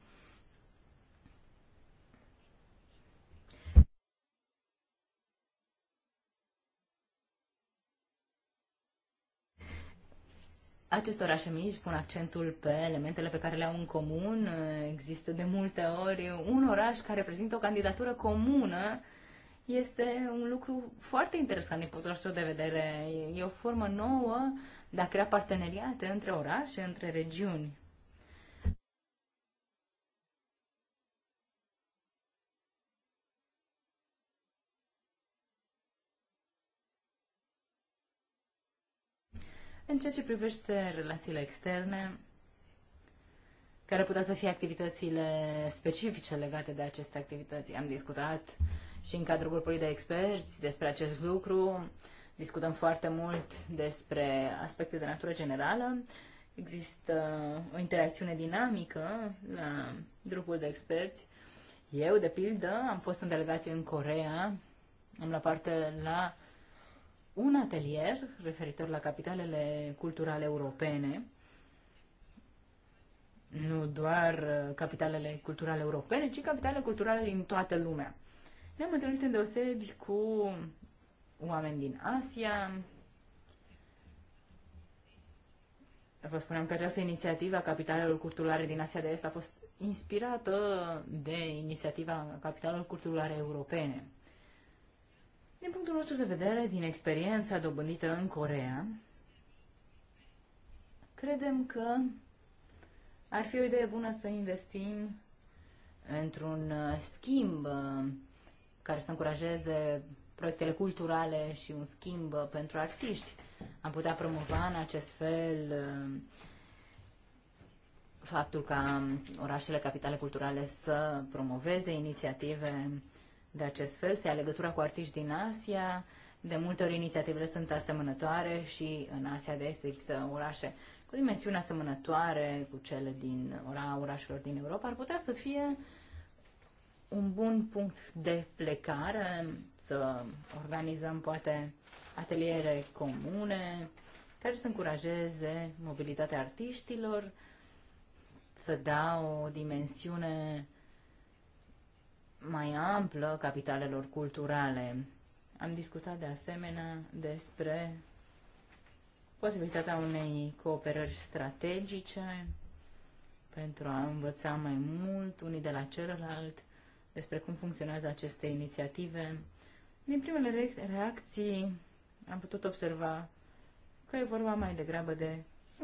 acest orașe mici pun accentul pe elementele pe care le au în comun. Există de multe ori un oraș care prezintă o candidatură comună. Este un lucru foarte interesant din punctul nostru de vedere. E o formă nouă de a crea parteneriate între orașe, între regiuni. În ceea ce privește relațiile externe, care putea să fie activitățile specifice legate de aceste activități. Am discutat și în cadrul grupului de experți despre acest lucru, discutăm foarte mult despre aspecte de natură generală. Există o interacțiune dinamică la grupul de experți. Eu, de pildă, am fost în delegație în Corea, am la parte la un atelier referitor la capitalele culturale europene, nu doar uh, capitalele culturale europene, ci capitalele culturale din toată lumea. Ne-am întâlnit în deosebi cu oameni din Asia. Vă spuneam că această inițiativă a capitalelor culturale din Asia de Est a fost inspirată de inițiativa capitalelor culturale europene. Din punctul nostru de vedere, din experiența dobândită în Corea, credem că ar fi o idee bună să investim într-un uh, schimb uh, care să încurajeze proiectele culturale și un schimb uh, pentru artiști. Am putea promova în acest fel faptul ca um, orașele capitale culturale să promoveze inițiative de acest fel, se ia legătura cu artiști din Asia, de multe ori inițiativele sunt asemănătoare și în Asia de Est există orașe cu dimensiuni asemănătoare cu cele din ora, orașelor din Europa, ar putea să fie un bun punct de plecare, să organizăm poate ateliere comune care să încurajeze mobilitatea artiștilor, să dea o dimensiune mai amplă capitalelor culturale. Am discutat de asemenea despre posibilitatea unei cooperări strategice pentru a învăța mai mult unii de la celălalt despre cum funcționează aceste inițiative. Din primele reacții am putut observa că e vorba mai degrabă de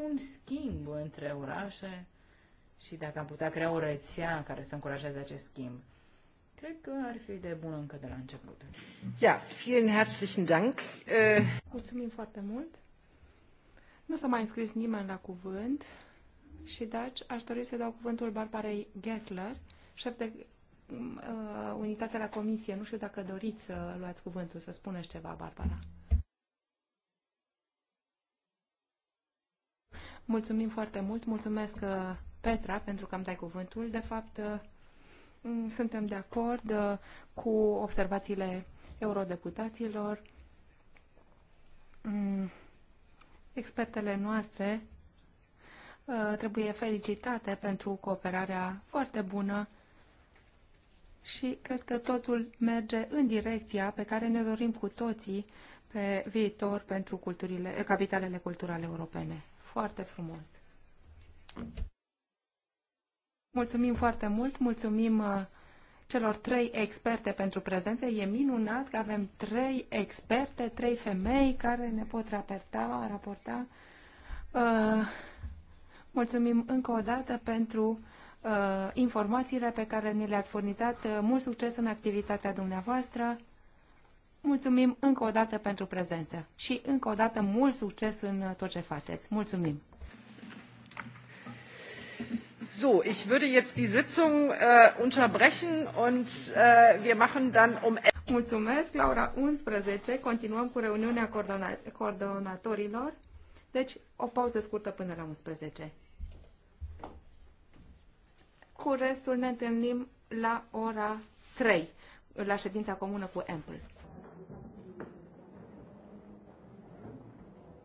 un schimb între orașe și dacă am putea crea o rețea care să încurajeze acest schimb. Cred că ar fi de încă de la început. Ja, vielen herzlichen Dank. Äh, Mulțumim foarte mult. Nu s-a mai înscris nimeni la cuvânt și deci aș dori să dau cuvântul Barbarei Gessler, șef de mm, uh, unitate la comisie. Nu știu dacă doriți să luați cuvântul, să spuneți ceva, Barbara. Mulțumim foarte mult. Mulțumesc, uh, Petra, pentru că am dat cuvântul. De fapt, uh, Mm, suntem de acord uh, cu observațiile eurodeputaților. Mm, expertele noastre uh, trebuie felicitate pentru cooperarea foarte bună și cred că totul merge în direcția pe care ne dorim cu toții pe viitor pentru culturile, capitalele culturale europene. Foarte frumos! Mulțumim foarte mult, mulțumim uh, celor trei experte pentru prezență. E minunat că avem trei experte, trei femei care ne pot raporta. raporta. Uh, mulțumim încă o dată pentru uh, informațiile pe care ni le-ați furnizat. Mult succes în activitatea dumneavoastră. Mulțumim încă o dată pentru prezență și încă o dată mult succes în tot ce faceți. Mulțumim! So, ich würde jetzt die Sitzung äh, unterbrechen und äh, wir machen dann um... Mulțumesc, la ora 11 continuăm cu reuniunea coordona coordonatorilor, deci o pauză scurtă până la 11. Cu restul ne întâlnim la ora 3, la ședința comună cu Ample.